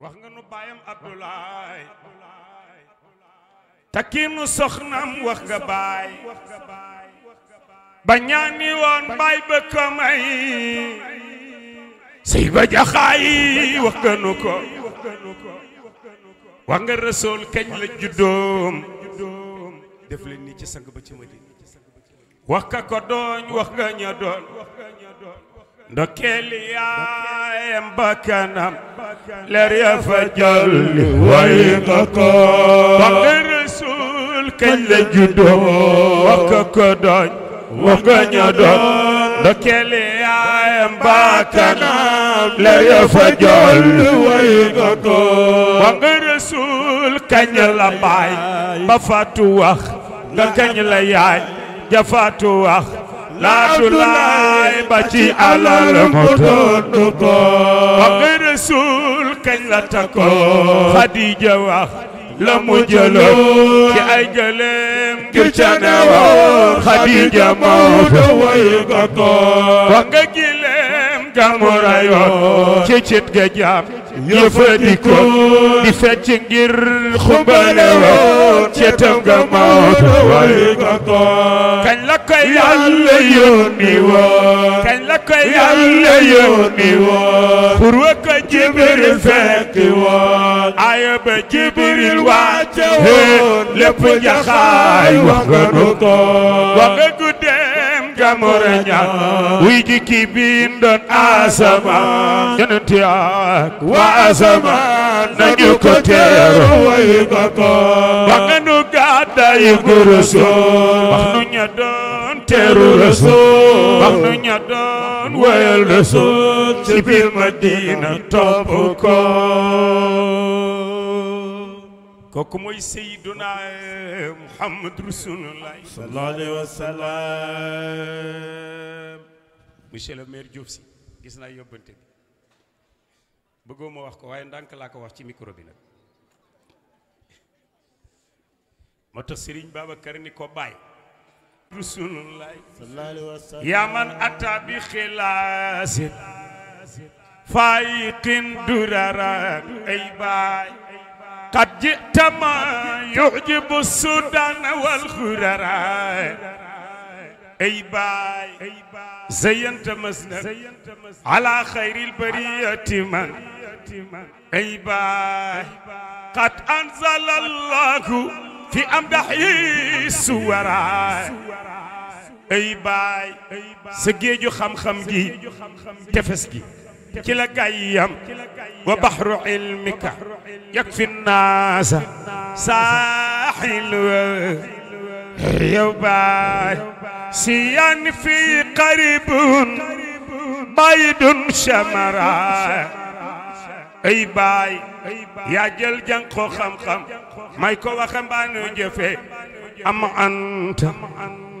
wax nga nu baayam Abdoulaye takki nu soxnaam wax nga baay ba ñaani woon baay ba ko may sëy ba jaxaay wax nga ko wax nga rasool kañ la juddoom def leen nii ci sang ba ci Madina wax ka ko dooñ wax nga ña ndokkeel yaayam bakkanam leer ya fa jolli way nga ko bakk rasuul kañ la juddoo wakk ko doñ wakk ña doon ndokkeel yaayam bakkanam leer ya fa jolli way nga ko bakk rasuul kañ la baay ba faatu wax nga kañ la yaay ja faatu wax laatulaay ba ci alal mu doon ko ba Rasuul kañ la takkoon Xadiija wax la mu jëloon ci ay gëléem gi ca ne woon Xadiija moo doon woy ko gàmmu rayoon ci cit ga jaam yëfandikoo di fecc ngir xumbale woon ci tam ga mawta wayu ga toon kañ la koy yàlla yónni woon kañ la koy yàlla yónni woon pour wa ko jibril fekki woon aya ba jibril wàcce woon lépp jaxaay wax nga nu ko wax nga gudde kamora ñaan wuy ji ki biin doon asamaan yonent yaak waa asamaan nañu ko teeru wayu ko ko wax nga nu gàddayu ko wax nu ña doon teeru rasool wax nu ña doon wayal rasool ci biir madina topp ko kooku mooy sayyiduna eh, Muhammad rasulullah sallallahu alayhi wa sallam le maire Diop si gis naa yóbbante bi bëggoo ma wax ko waaye ndànk laa ko wax ci micro bi nag moo tax Serigne Babacar ni ko bàyyi rasulullah yaa man ataa bi xilaasin faayiqin durara ay baay قد جئت ما يعجب السودان والخرراء أي باي زينت مسند على خير البرية من أي باي قد أنزل الله في أمدحه سوراء أي باي سجيجو خم خم جي تفسكي كلا قيم وبحر علمك يكفي الناس ساحل يوباي سيان في قريب بيد شمرا اي باي يا جل جن خو خم خم ما يكو وخم بانو جفه أما أنت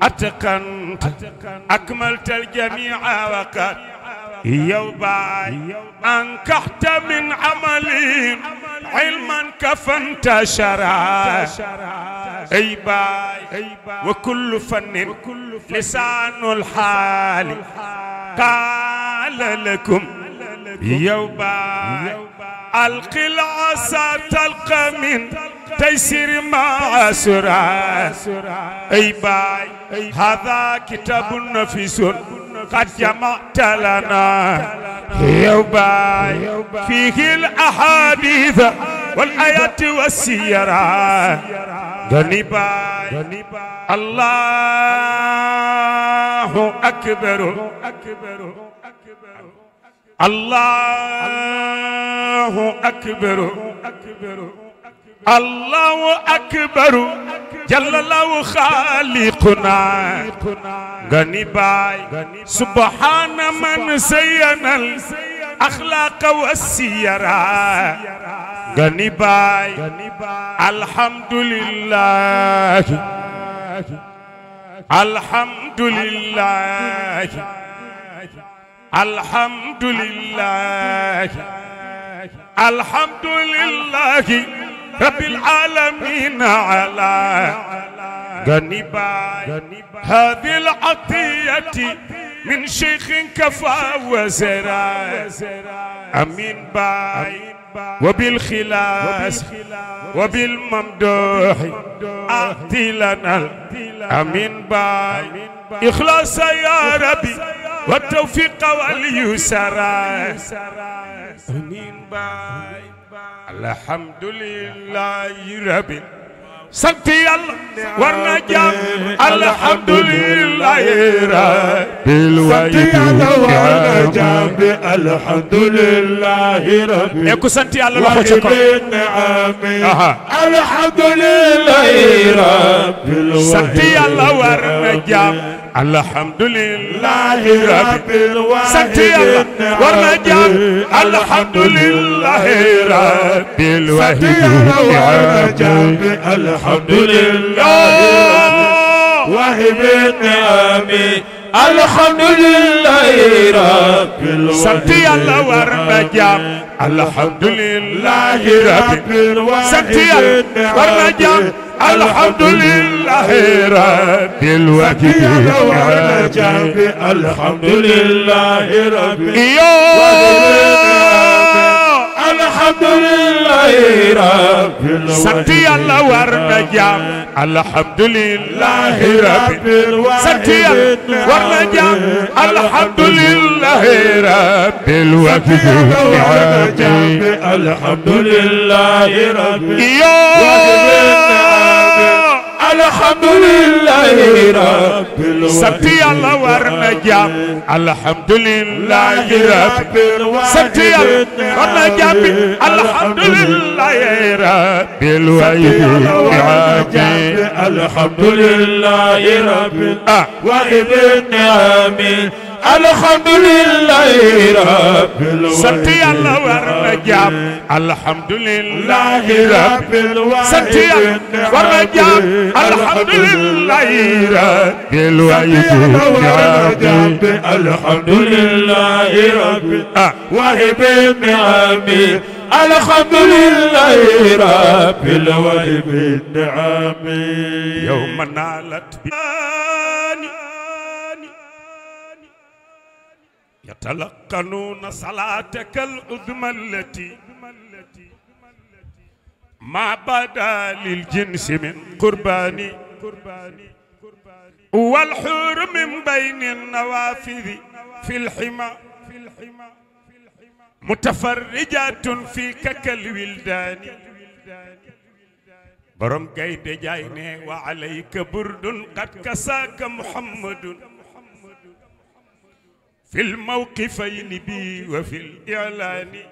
أتقنت أكملت الجميع وقت يا أنكحت من عملي علما كفنت شرع أي باي وكل فن لسان الحال قال لكم يا باي ألق العصا تلقى من تيسير ما أسرع أي باي هذا كتاب نفيس قد جمعت يوبا فيه الأحاديث والآيات والسيرة غنيبا الله أكبر الله أكبر الله أكبر جل الله خالقنا غني باي سبحان من زين الأخلاق والسيرة غني باي الحمد لله الحمد لله الحمد لله الحمد لله رب العالمين على غنبا هذه العطية من شيخ كفى وزرا أمين باي وبالخلاص وبالممدوح أعطي لنا أمين باي إخلاص يا ربي والتوفيق واليسر أمين باي الحمد لله رب سنتي الله ورنا جام الحمد لله رب سنتي الله ورنا جام الحمد لله رب يكو سنتي الله لو خوتي الحمد لله رب سنتي الله ورنا جام الحمد لله رب سنتي الله ورنا جام الحمد لله رب رب الوحيد عاجب الحمد لله وهب النعم الحمد لله رب الوحيد سبتي الله ورمجا الحمد لله رب الوحيد سبتي الله ورمجا الحمد لله رب الوكيل الحمد لله رب الوكيل sant yàlla war na jaam alhamdulilah rabbi sant yàlla war na jaam alhamdulilah rabbil wahid alhamdulilah rabbi الحمد لله رب الوالدين سبتي الله ورنجام الحمد لله رب الوالدين الله ورنجام الحمد لله رب الوالدين الحمد لله رب الوالدين وابن الحمد لله رب الوالدين سنتي الله ورنجاب الحمد لله رب الوالدين سنتي ورنجاب الحمد لله رب الوالدين الحمد لله رب واهب النعمين الحمد لله رب الوالدين يوم نالت بي يتلقنون صلاتك العظمى التي ما بدا للجنس من قرباني والحور من بين النوافذ في الحمى متفرجات فيك كالولدان برم قيد جايني وعليك برد قد كساك محمد في الموقفين بي وفي الإعلان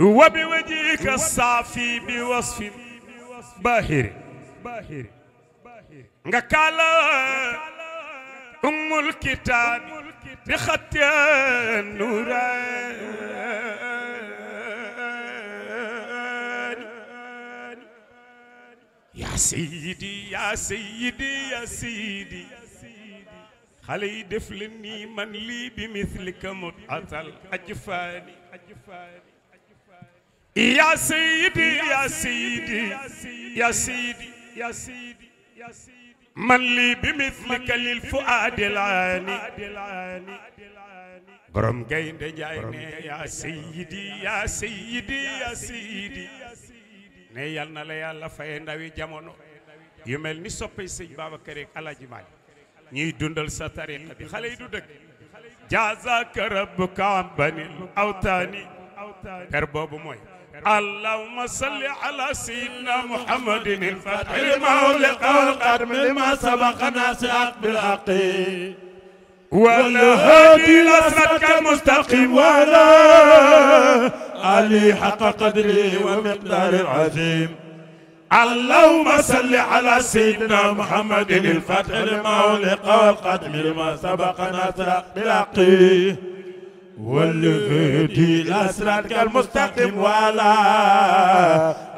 وبوجهك الصافي بوصف باهر قال أم الكتاب بخط النوران يا سيدي يا سيدي يا سيدي xale yi def la nii man lii bi mislika mut atal ajfaani ya sayidi ya sayidi ya sayidi ya sayidi ya sayidi man lii bi mislika lil fuaadi laani borom gaynde jaay ne ya sayidi ya sayidi ya sayidi ne yal na la yàlla fay ndawi jamono yu mel ni soppay sëñ Babacar ak Alaaji Maalik ني dundal سا tariqa bi xale دو دك جزاك jaazaka rabbuka an banil كر per موي اللهم صل على سيدنا محمد الفاتح المغلق والقدم لما سبق ناسعك بالحق هادي لصدك المستقيم ولا علي حق قدره ومقدار العظيم اللهم صل على سيدنا محمد الفتح المولق والقدم لما سبق نصر بلاقيه والهدي لأسرارك المستقيم ولا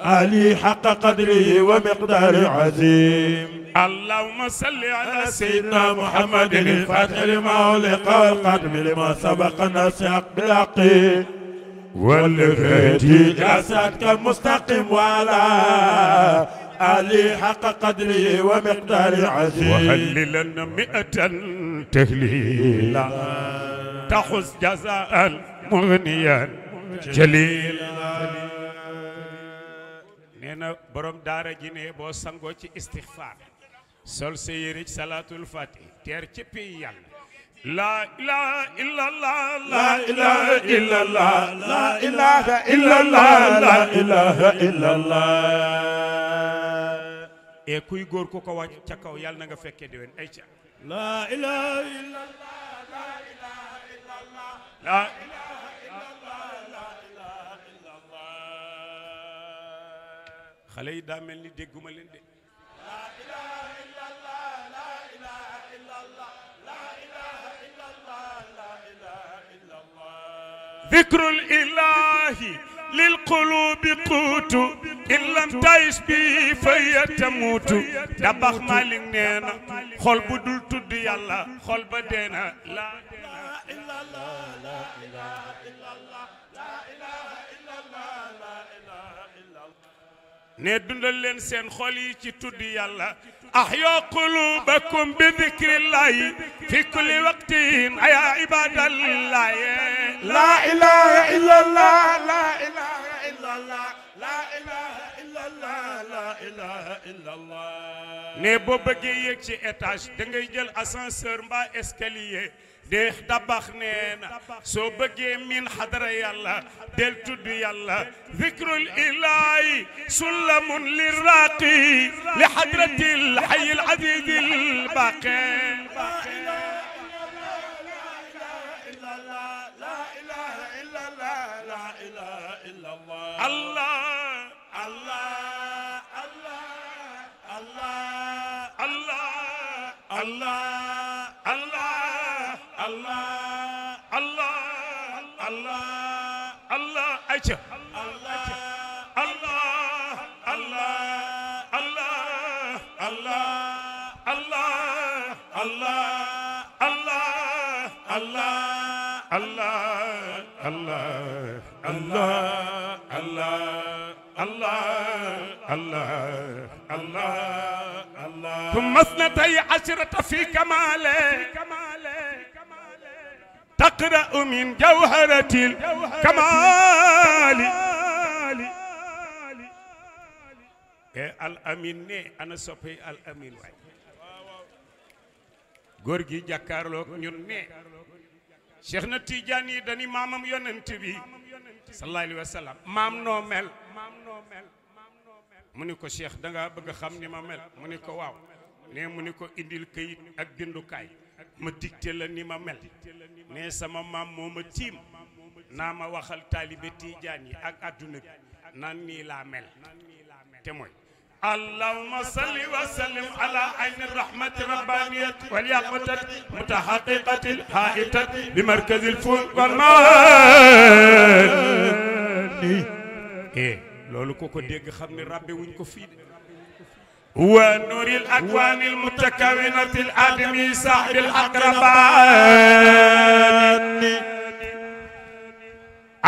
علي حق قدره ومقدار عظيم اللهم صل على سيدنا محمد الفتح المولق والقدم لما سبق نصر بلاقيه والهدي يا ساد كم مستقيم ولا علي حق قدري ومقداري عزيز وهل لنا مئة تهليلا تحس جزاء مغنيا جليلا نينا بروم دارا جيني بو سانغو استغفار سول سيريج صلاه الفاتح تير تشبي لا إله إلا الله لا إله إلا الله لا إله kuy góor ku ko wàcc ca kaw yàlla na nga fekkee déwén ay ca la ilaha illa allah la ilaha illa allah la ilaha illa allah la ilaha illa allah xale yi daa mel ni dégguma leen ذكر الإله للقلوب قوت إن لم تعيش به فهي تموت دبخ مالك نينا خل بدل تدي الله خل بدينا لا إله إلا الله لا إله إلا الله لا إله ne dundal len sen xol yi ci tudd yalla أحيا قلوبكم بذكر الله في كل وقت يا عباد الله لا إله إلا الله لا إله إلا الله لا إله إلا الله لا إله إلا الله ne boo bëggee yéeg ci étage da ngay jël ascenseur ديخ دباخ نينا سو من حضر يلا دل تدو يلا ذكر الإلهي سلم للراقي لحضرة الحي العديد الباقي, الباقي. ثم اثنتي عشرة في كماله تقرأ من جوهرة الكمال الأمين ني أنا صبي الأمين واي غورغي جاكارلوك ñun ne cheikh na tidiane yi dañi maamam yonent bi sallallahu alayhi wa sallam maam noo mel mu ni ko cheikh da nga bëgg xam ni ma mel mu ni ko waaw nee mu ni ko indil kayit ak bindukaay ma digte la ni ma mel nee sama maam moo ma tiim naa ma waxal taalibe tiijaan yi ak adduna bi nan nii laa mel te mooy اللهم صل وسلم على عين الرحمة ربانية واليقظة متحققة الحائطة بمركز الفول والمال. eh loolu ko ko dégg xam ne ràbbe wuñ ko fii ونور الأكوان المتكونة الآدمي ساحر الأقربان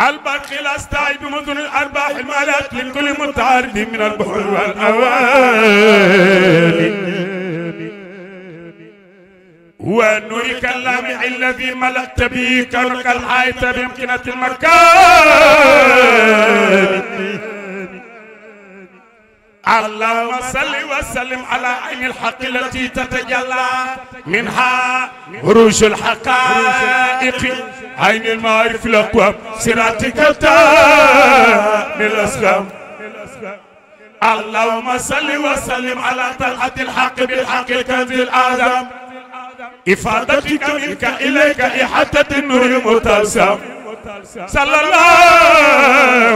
البرق الأستعي بمدن الأرباح المالات لكل متعرض من البحور والأواني ونور كلامع الذي ملأت به كونك الحائط بامكنة المكان اللهم صل وسلم على عين الحق التي تتجلى منها عروش الحقائق عين المعارف الاقوام صراطك من الاسلام اللهم صل وسلم على طلعه الحق بالحق كنز الاعظم افادتك منك اليك احاطه النور المتسام صلى الله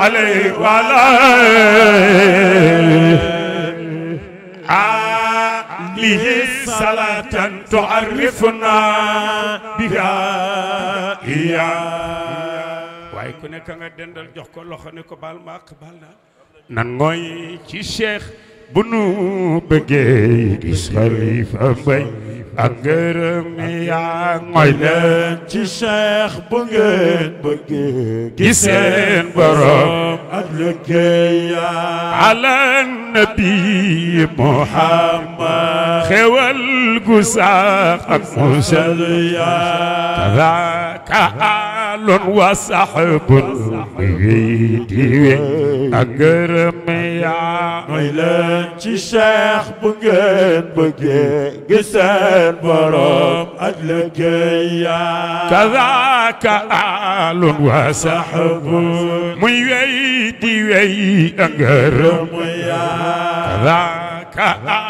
عليه وعلى آله صلاة تعرفنا بها هي waaye ku nekk nga dendal jox ko loxo ne ko baal ma ak naa nan ci cheikh bu nu bëggee gis xalifa mbay ak ngërëm yaa mooy leen ci Cheikh bu ngeen bëggee gi seen borom ak liggéeya ala nabi Muhammad xewal gu sax ak musal ya kadaka alun wa saxbun bi di ak ngërëm يا ميلان الشيخ بقيت بقي قسان برام أجلك يا كذاك آل وسحب ميويدي وي أنقرم يا كذاك آل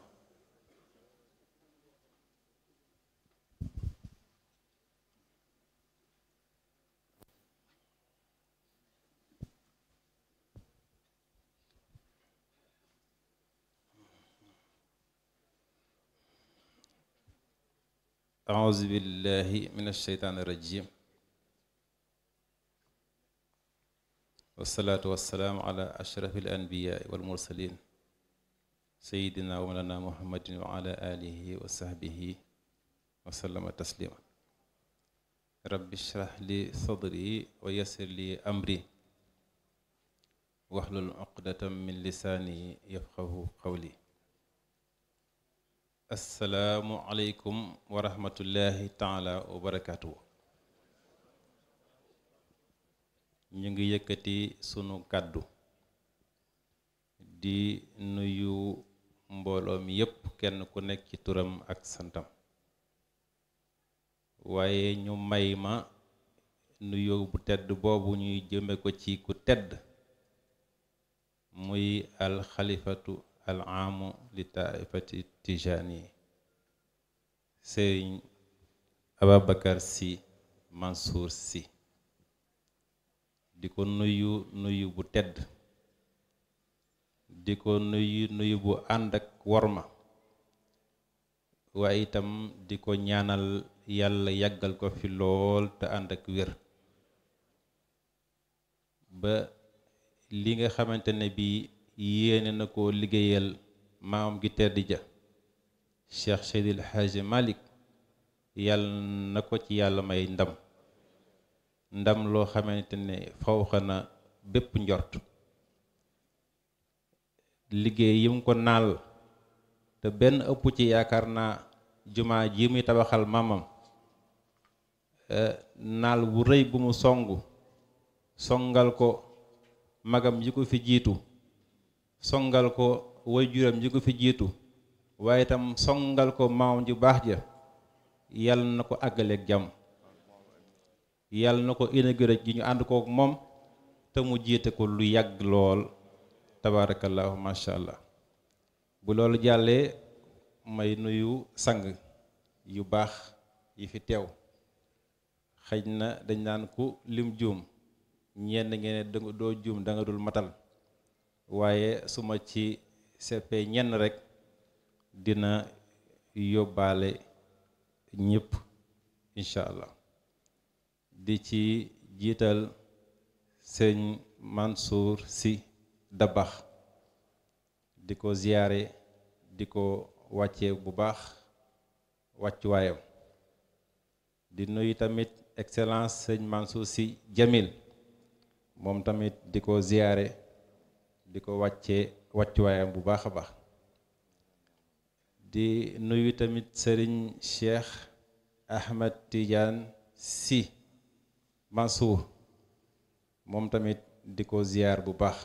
أعوذ بالله من الشيطان الرجيم والصلاة والسلام على أشرف الأنبياء والمرسلين سيدنا ومولانا محمد وعلى آله وصحبه وسلم تسليما رب اشرح لي صدري ويسر لي أمري واحلل عقدة من لساني يفقه قولي assalamu aleykum wa rahmatullahi taala wa barakatuh ñu ngi yëkkati sunu kaddu di nuyu mbooloo mi yëpp kenn ku nekk ci turam ak santam waaye ñu may ma nuyu bu tedd boobu ñuy jëme ko ci ku tedd muy alxalifatu al aamu li taaifati tijaani sëriñ Ababacar Sy Mansour Sy di ko nuyu nuyu bu tedd di ko nuyu nuyu bu ànd ak worma waaye itam di ko ñaanal yàlla yàggal ko fi lool te ànd ak wér ba li nga xamante bii yéene na ko liggéeyal maamam gi tedd ja cheikh seydil xaaji malik yàlla na ko ci yàlla may ndam ndam loo xamante ne fawxa na bépp njort liggéey yi mu ko naal te benn ëpp ci yaakaar naa jumaa ji muy tabaxal maamam eh, naal bu rëy bu mu song songal ko magam yi ko fi jiitu songal ko way juram ji ko fi jiitu waaye itam songal ko maam ju baax ja yàlla na ko àggaleeg jàmm yàlla na ko inauguré ji ñu ànd kook moom te mu jiite ko lu yàgg lool tabaarakallaahu macha allah bu loolu jàllee may nuyu sang yu baax yi fi teew xëj na dañ naan ku lim juum ñenn ngeen doo juum da dul matal waaye suma ci seppee ñenn rek dina yóbbaale ñëpp incha allah di ci jiital sëñ Mansour si dabax di ko ziyaare di ko wàccee bu baax wàccuwaayam di nuyu tamit excellence sëñ Mansour si Jamil moom tamit di ko ziyaare di ko wàccee wàccuwaayam bu baax a baax di nuyu tamit sëriñ Cheikh Ahmed Tidiane si Mansour moom tamit di ko ziyaar bu baax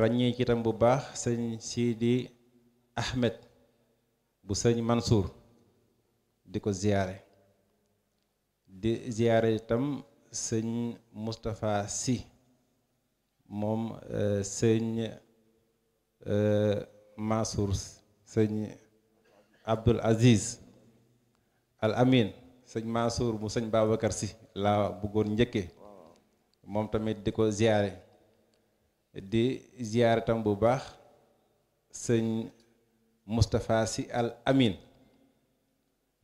ràññee ci tam bu baax sëñ Sidi Ahmed bu sëñ mansuur di ko ziyaare di ziyaare itam sëñ Moustapha si mom seigne euh masour seigne Abdul Aziz Al Amin seigne masour mu seigne Babacar si la bëggoon njëkkee mom tamit diko ziaré di ziaré tam bu baax seigne mustapha si Al Amin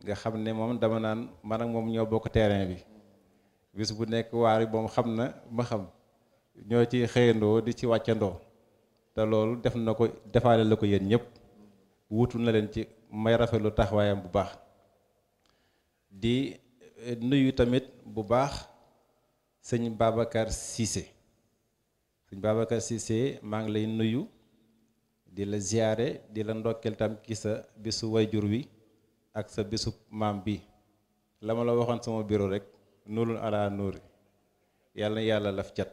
nga xamne mom dama nan man ak mom ño bok terrain bi bis bu nek waar bom xamna ma xam. ñoo ci xëyandoo di ci wàccandoo te loolu def na ko defaale la ko yéen ñëpp wuutu na leen ci may rafet rafetlu taxawaayam bu baax di eh, nuyu tamit bu baax sëñ Babacar Cissé sëñ Babacar Cissé maa ngi lay nuyu di la ziyaare di la ndokkeel tam ki sa bésu way jur wi ak sa bésu maam bi la ma la waxoon sama bureau rek nuurul ala nuuri yàlla yàlla laf cat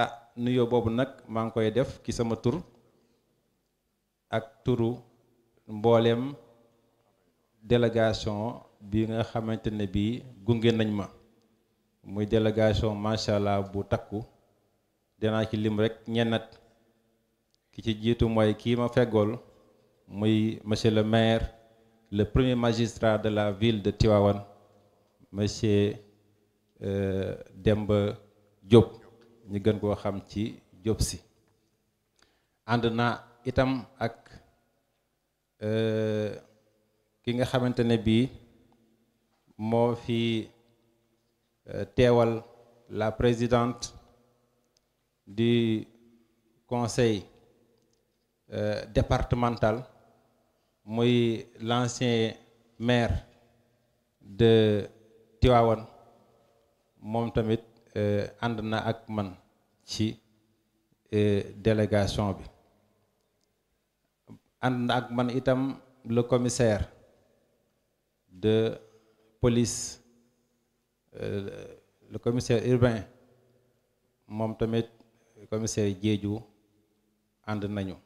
Ah, Nous sommes bobu nak mang koy def ki sama tour ak touru mbollem délégation bi nga xamantene bi la nañ ma muy délégation ma monsieur le maire le premier magistrat de la ville de Tivaouane monsieur euh, Demba Diop ñu gën koo xam ci ànd itam ak euh, ki nga xamante ne fi euh, teewal la présidente du conseil euh, départemental muy l'ancien maire de Tivaouane moom tamit et eh, na ak man ci eh, délégation bi and na ak man le commissaire de police eh, le commissaire urbain mom tamit commissaire Yeju, André nañu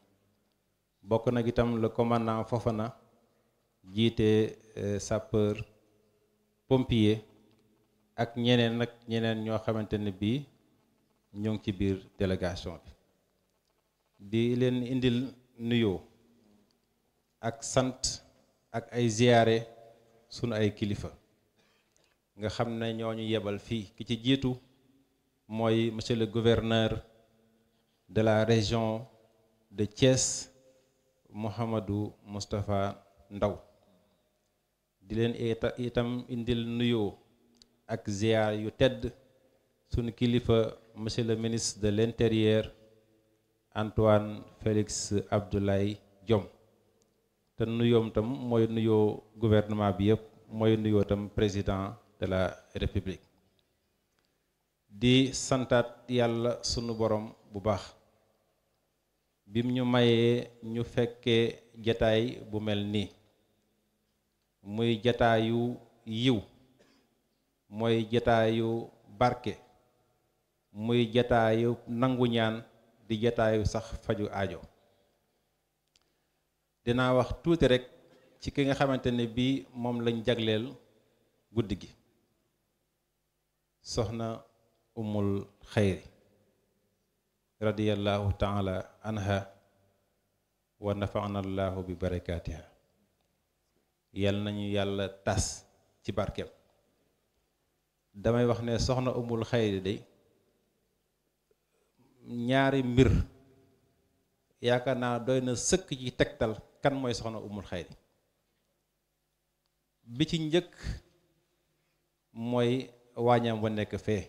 bokk nag itam le commandant Fofana était sapeur pompier ak ñeneen nag ñeneen ñoo xamante ne bii ñoo ngi ci biir délégation bi di leen indil nuyoo ak sant ak ay ziyaare sunu ay kilifa nga xam ne ñoo ñu yebal fii ki ci jiitu mooy monsieur le de la région de Thiès Mouhamadou Moustapha Ndaw di leen itam indil nuyoo ak ziar yu tedd sunu kilifa monsieur le ministre de l'intérieur Antoine Félix Abdoulaye diom te nuyoom tam mooy nuyoo gouvernement bi yëpp mooy nuyoo tam président de la république di santaat yàlla sunu borom bu baax bim ñu mayee ñu fekkee jataay bu mel nii muy jataayu yiw mooy jataayu barke muy jataayu nangu ñaan di jataayu sax faju ajo dinaa wax tuuti rek ci ki nga xamante ne bii moom lañ jagleel guddi gi soxna umul xayri radiyallahu taala anha wa nafaana allahu bi barakaatiha yal nañu yàlla tas ci barkeem damay wax ne soxna umul xayri day ñaari mbir yaakaar naa doy na sëkk ci tegtal kan mooy soxna umul xayri bi ci njëkk mooy waañam wa nekk fee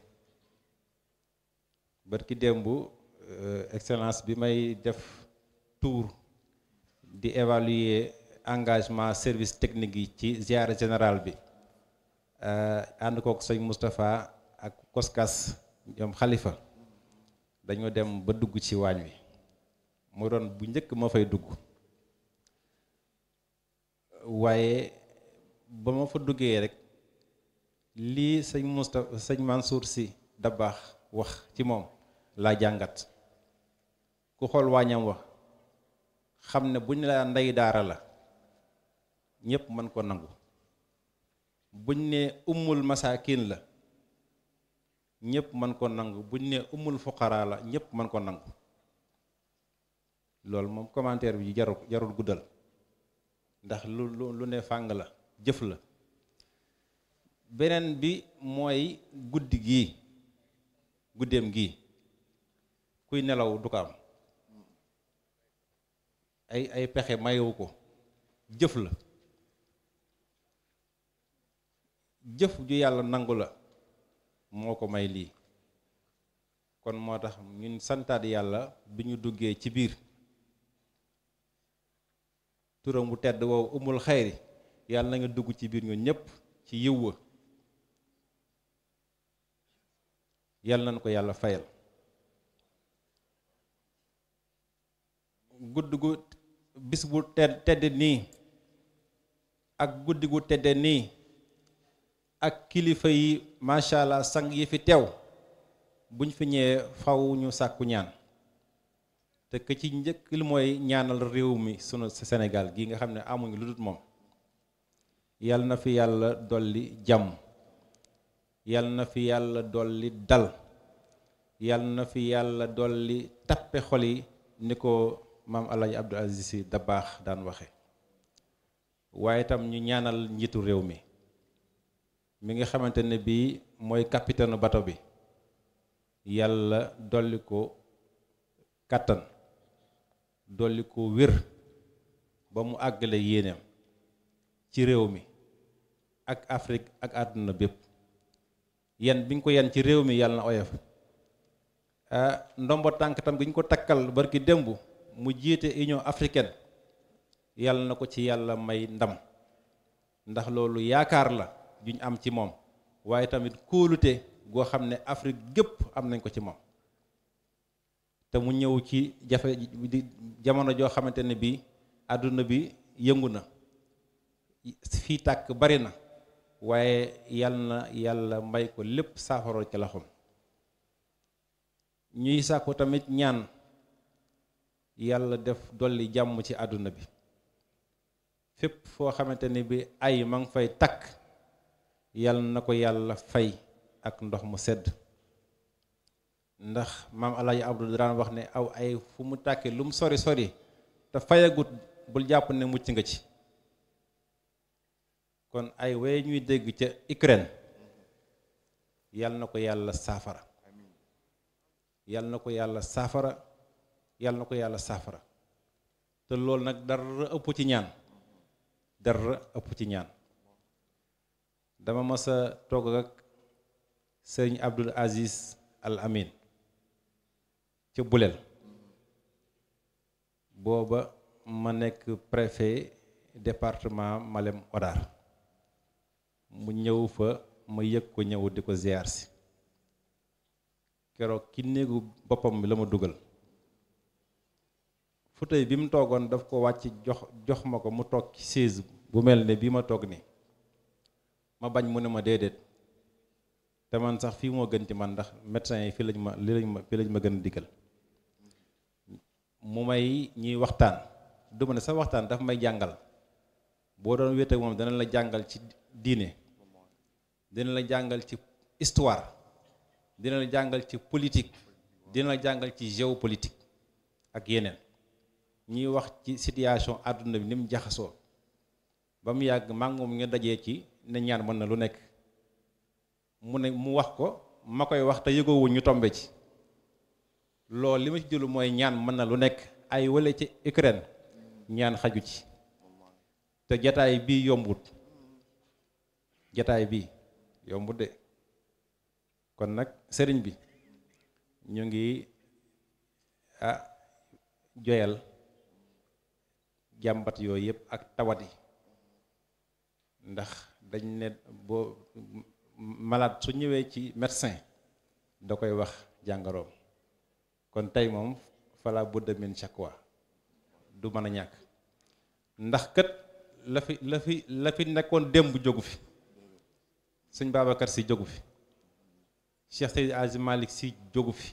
barki démb euh, excellence bi may def tour di évaluer engagement service technique yi ci ziar général bi Euh, ànd kook sëñ mustafaa ak koskas ñoom xalifa dañoo dem ba dugg ci waañ wi mu doon bu njëkk ma fay dugg waaye ba ma fa duggee rek lii sëñ Moustapha sëñ Mansour si dabaax wax ci moom laa jàngat ku xool waañam wa xam ne bu ñu la ndey daara la ñépp mën ko nangu buñ ne ummul masaakin la ñëpp mën ko nangu buñ ne ummul fuqaraa la ñëpp mën ko nangu loolu moom commentaire bi jarul jarul guddal ndax lu lu lu ne fàng la jëf la beneen bi mooy guddi gii guddéem gii kuy nelaw du ko am ay ay pexe mayewu ko jëf la jëf ju yàlla nangu la moo ko may lii kon moo tax ñun santaat yàlla bi ñu duggee ci biir turam bu tedd wow umul xayri yàlla na nga dugg ci biir ñun ñépp ci yiw wa yàlla nañ ko yàlla fayal gudd gu bis bu tedd tedd nii ak guddi gu tedd nii ak kilifa yi macha allah sang yi fi teew buñ fi ñëwee faw ñu sàkku ñaan te ki ci njëkk li mooy ñaanal réew mi sunu senegal gi nga xam ne amuñu lu dul moom yàlla na fi yàlla dolli jàmm yàlla na fi yàlla dolli dal yàlla na fi yàlla dolli tappe xol ni ko maam Alaaji Abdou Aziz Sy Dabakh daan waxe waaye tam ñu ñaanal njiitu réew mi mi nga xamante ne bii capitaine bato bi yàlla dolli ko kàttan dolli ko wér ba mu àggale yéeneem ci réew mi ak Afrique ak àdduna bépp yan bi ñu ko yan ci réew mi na oyof ah, ndombo tànk tam gi ko takkal barki démb mu jiite Union africaine na ko ci may ndam ndax lolo yaakaar la juñ am ci moom waaye tamit kóolute goo xam ne Afrique gépp am nañ ko ci moom te mu ñëw ci jafe jamono joo xamante ne bii àdduna bi yëngu na fi tàkk bari na waaye yal na yàlla may ko lépp saafaro ci loxoom ñuy sàkku tamit ñaan yàlla def dolli jàmm ci àdduna bi fépp foo xamante ni bi ay ma fay takk yal na ko yàlla fay ak ndox mu sedd ndax maam alaaji abdu daan wax ne aw ay fu mu tàkkee lu sori sori te fayagut bul jàpp ne mucc nga ci kon ay way ñuy dégg ca Ukraine yal na ko yàlla saafara yal na ko yàlla saafara yal na ko yàlla saafara te loolu nag dara ëpp ci ñaan dara ëpp ci ñaan dama mas a toog ak sëñ Abdul Aziz Al Amin ca Bulel booba ma nekk préfet département Malem Hodar mu ñëw fa ma yëg ko ñëw di ko ziar si keroog ki néegu boppam bi la ma dugal fauteuil bi mu toogoon daf ko wàcc jox jox ma ko mu toog ci chaise bu mel ne bii ma toog nii ma bañ mu ne ma déedéet te man sax fii moo gën ci man ndax médecin yi fii lañ ma li lañ ma fii lañ ma gën a digal mu may ñuy waxtaan du ma ne sa waxtaan daf may jàngal boo doon wéet ak moom dana la jàngal ci diine dina la jàngal ci histoire dina la jàngal ci politique dina la jàngal ci géopolitique ak yeneen ñuy wax ci situation àdduna bi ni mu jaxasoo ba mu yàgg maa moom nga dajee ci ne ñaan mën na lu nekk mu ne mu wax ko ma koy wax te yëgoowuñ ñu tombe ci loolu li ma ci jëlu mooy ñaan mën na lu nekk ay wële ci Ukraine ñaan xaju ci te jataay bii yombut jataay bii yombut de kon nag sëriñ bi ñu ngi ah joyal jàmbat yooyu yëpp ak tawat yi ndax dañ ne boo malaat su ñëwee ci médecin da koy wax jàngaroom kon tey moom fala budda min shakwa du mën a ñàkk ndax kat la fi la fi nekkoon démb jógu fi sëñ Babacar si jógu fi Cheikh Seydi Aji Malick si jógu fi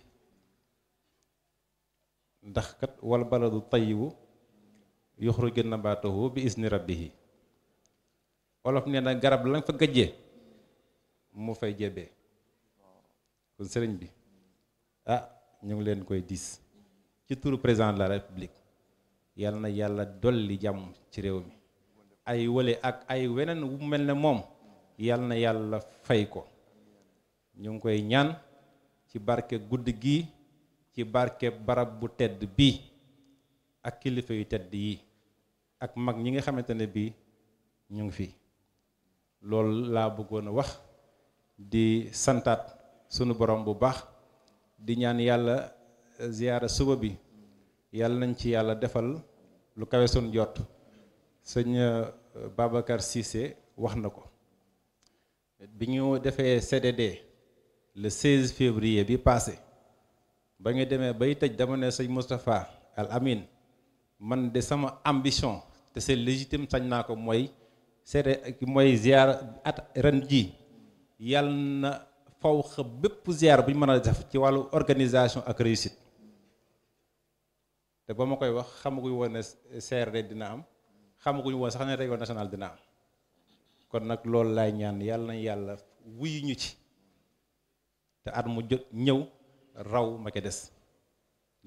ndax kat wal baladu tayyibu yuxruju nabaatahu bi izni rabbihi olof nee na garab lañ nga fa gëjee mu fay jebe kon sëriñ bi ah ñu ngi leen koy diis ci turu président de la république yal na yàlla dolli jàmm ci réew mi ay wële ak ay weneen wu mel ne moom yal na yàlla fay ko ñu ngi koy ñaan ci barke guddi gi ci barke barab bu tedd bii ak kilifa yu tedd yi ak mag ñi nga xamante ne bii ñu ngi fii loolu laa bëggoon a wax di santaat sunu borom bu baax di ñaan yàlla euh, ziyaara suba bi yàlla nañ ci yàlla defal lu kawe sunu jot sëñ euh, Babacar Cissé wax na ko bi ñu defee CDD le 16 février bi passé ba ñu demee bay tëj dama ne sëñ Moustapha Al Amin man de sama ambition te c'est légitime sañ naa ko mooy seete mooy ziar at ren jii yàlla na fow xa bépp ziar bu ñu mën a def ci wàllu organisation ak réussite te ba ma koy wax xamaguñu woon ne CRD dina am xamaguñu woon sax ne réunion nationale dina am kon nag loolu laay ñaan yàlla na yàlla wuyuñu ci te at mu jot ñëw raw ma ca des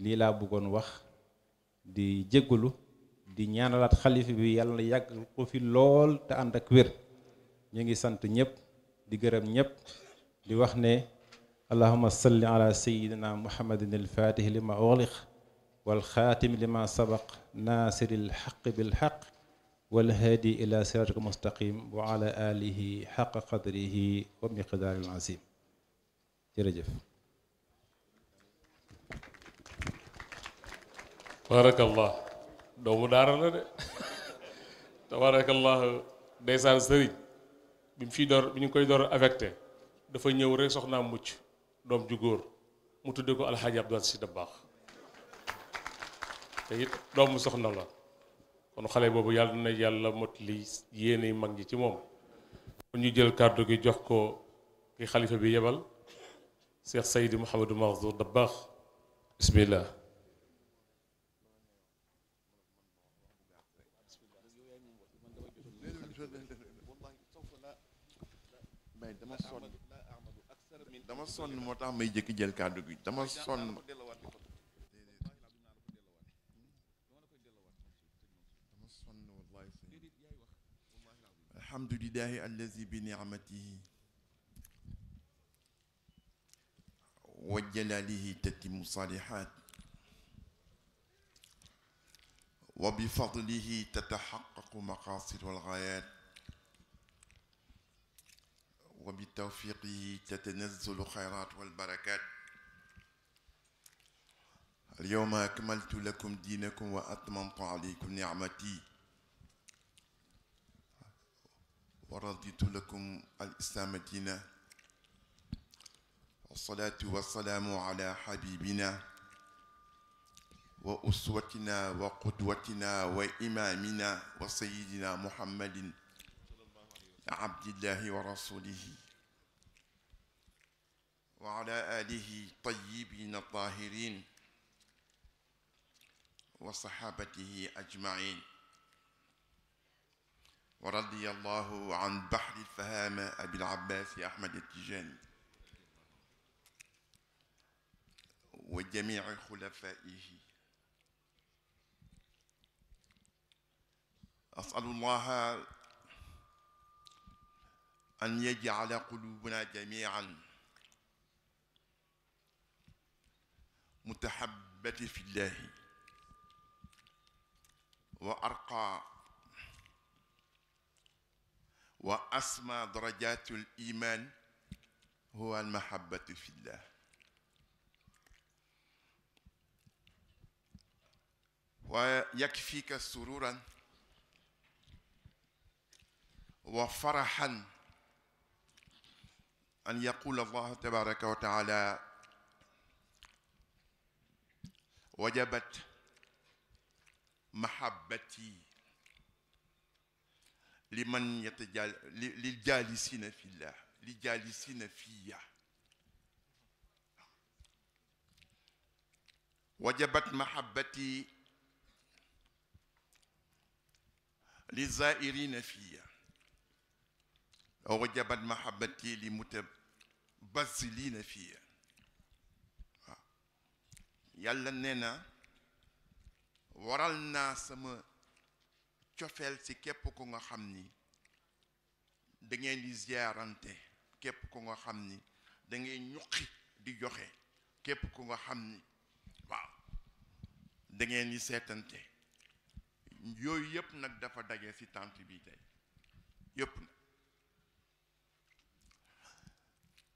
lii laa bëggoon wax di jéggalu di ñaanalaat xalifa bi yàlla yàggal ko fi lool te ànd ak wér ñu ngi sant ñëpp di gërëm ñëpp di wax ne allahuma salli ala sayidina muhammadin alfatih lima ulix walxatim lima sabaq nasiri lxaq bilxaq walhadi ila siratika mustaqim wa ala alihi xaqa qadrihi wa miqdari lazim jërëjëf بارك الله doomu daara la de tabarakallah ndeysaan sëriñ bi mu fi door bi ñu koy door affecté dafa ñëw rek soxnaam mucc doom ju góor mu tuddee ko alxaaji Abdou Aziz Sy Dabakh te it doomu soxna la kon xale boobu yàlla na yàlla mot li yéene mag ñi ci moom kon ñu jël kàddu gi jox ko ki xalifa bi yebal Cheikh Seydi Mouhamadou Mansour Dabakh bismillah dama sonn moo tax may jëkki jël kàddu gi dama sonn الحمد لله الذي بنعمته وجلاله تتم الصالحات وبفضله تتحقق مقاصد والغايات وبتوفيقه تتنزل الخيرات والبركات اليوم أكملت لكم دينكم وأتممت عليكم نعمتي ورضيت لكم الإسلام دينا والصلاة والسلام على حبيبنا وأسوتنا وقدوتنا وإمامنا وسيدنا محمد عبد الله ورسوله وعلى آله طيبين الطاهرين وصحابته أجمعين ورضي الله عن بحر الفهامة أبي العباس أحمد التجاني وجميع خلفائه أسأل الله أن يجعل قلوبنا جميعا متحبة في الله وأرقى وأسمى درجات الإيمان هو المحبة في الله ويكفيك سرورا وفرحا أن يقول الله تبارك وتعالى وجبت محبتي لمن يتجال للجالسين في الله للجالسين فيا وجبت محبتي للزائرين فيا وجبت محبتي لمتب lii basiliina fii waaw yàlla nee na waral naa sama cofeel ci képp ku nga xam ni dangeen ngeen di ziarante képp ku nga xam ni dangeen ngeen di joxe képp ku xam ni waaw ngeen di seetante yooyu yëpp nag dafa daje ci tànt bi tey yëpp nag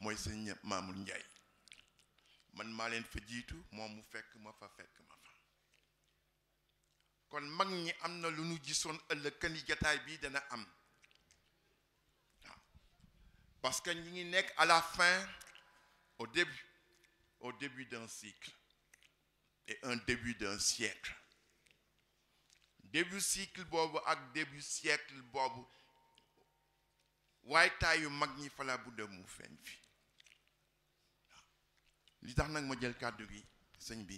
Moi, suis un homme man ma un fa qui fekk ma fa fekk ma fa kon mag ñi lu nu gisoon dana am parce que ñi ngi à la fin au début au début d'un cycle et un début d'un siècle début cycle et ak début siècle bobu mag fala bu de mu feeñ fi li tax nak ma jël kàddu gi sëñ bi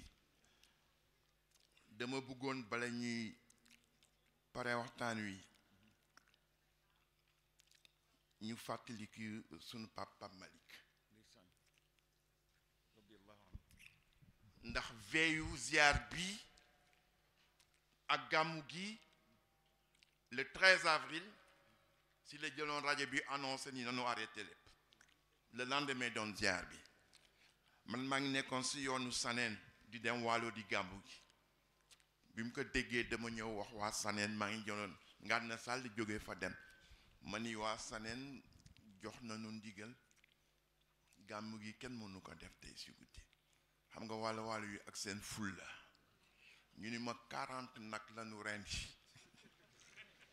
dama bëggoon bala ñuy pare waxtaan wi ñu fàttaliku sunu papa Malik. ndax veyu ziar bi ak gàmmu gi le 13 avril si le jëloon rajo bi annoncé ni nanu arrêté lépp le lendemain doon ziar bi man maa ngi nekkoon si yoonu saneen di dem waalo di gàmbu gi bi mu ko déggee dama ñëw wax waa saneen maa ngi jëloon ngaan na sàll jógee fa dem ma ni waa saneen jox nañu ndigal gàmmu gi kenn mënu ko def tey si guddi xam nga wàllu wàllu yi ak seen ful la ñu ni ma quarante nag lañu ren yi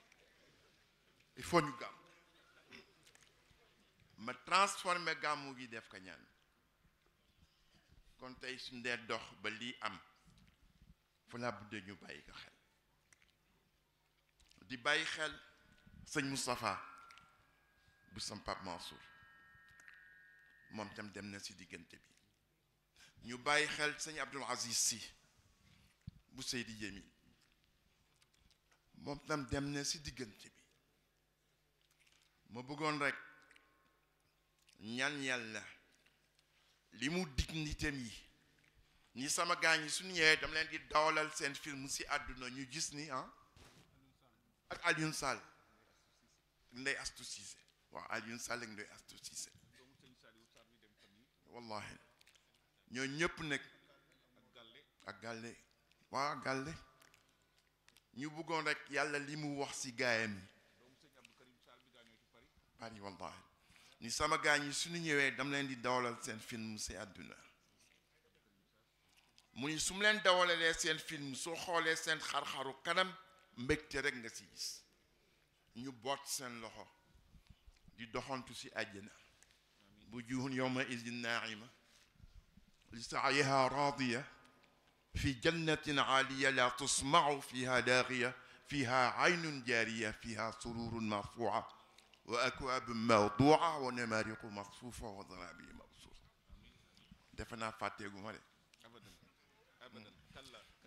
il faut ñu gàmm ma transformé gàmmu gi def ñaan kon tey suñ dee dox ba lii am fu laa buddee ñu bàyyi ko xel di bàyyi xel sëñ Moustapha bu sam Pape Mansour moom tam dem na si diggante bi ñu bàyyi xel sëñ Abdoul Aziz Sy bu Seydi Jémi moom tam dem na si diggante bi ma bëggoon rek ñaan yàlla li dignité ni sama gañ yi suñu yee leen di dawalal seen film si aduna ñu gis ni ah ak Alioune Sall Ndeye Astou wa waaw Sall ak Ndeye Astou wallahi ñoo ñëpp nekk ak wa vous ñu bëggoon rek yàlla wax si gaayam ni sama gaañ suñu ñëwé dam leen di dawalal seen film ci aduna mu ni sum leen dawalalé seen film so xolé seen xar-xaru kanam mbégte rek nga ci gis ñu bot seen loxo di doxantu ci aljana bu juhun yawma izin na'ima li saayiha radiya fi jannatin aaliya la tusma'u fiha daghiya fiha aynun jariya fiha sururun marfu'ah wa akwaab mawduu'a wa namaariqu maxfuufa wa zaraabi mabsuusa defe naa fàtteegu ma de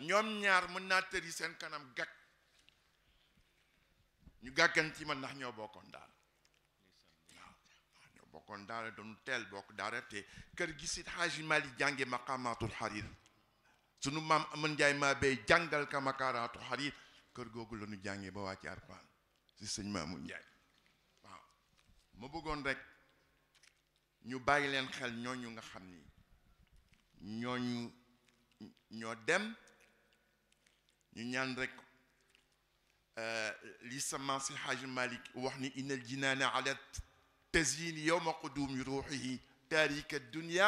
ñoom ñaar mën naa tëri seen kanam gàkk ñu gàkkan ci man ndax ñoo bokkoon daal waaw doon teel bokk daara kër gi si Haaji Maalik jànge maqaamaatul xariir sunu maam Aman Njaay maa bay jàngal ka maqaamaatul xariir kër googu la ñu jàngee ba wàcc Alxuraan si sëñ Maamu Njaay ma bëggoon rek ñu bàyyi leen xel ñooñu nga xam ni ñooñu ñoo dem ñu ñaan rek li sama si Xaaji Malik wax ni inal al ala ala tazyin yowma qudumi ruuxihi taarika dunya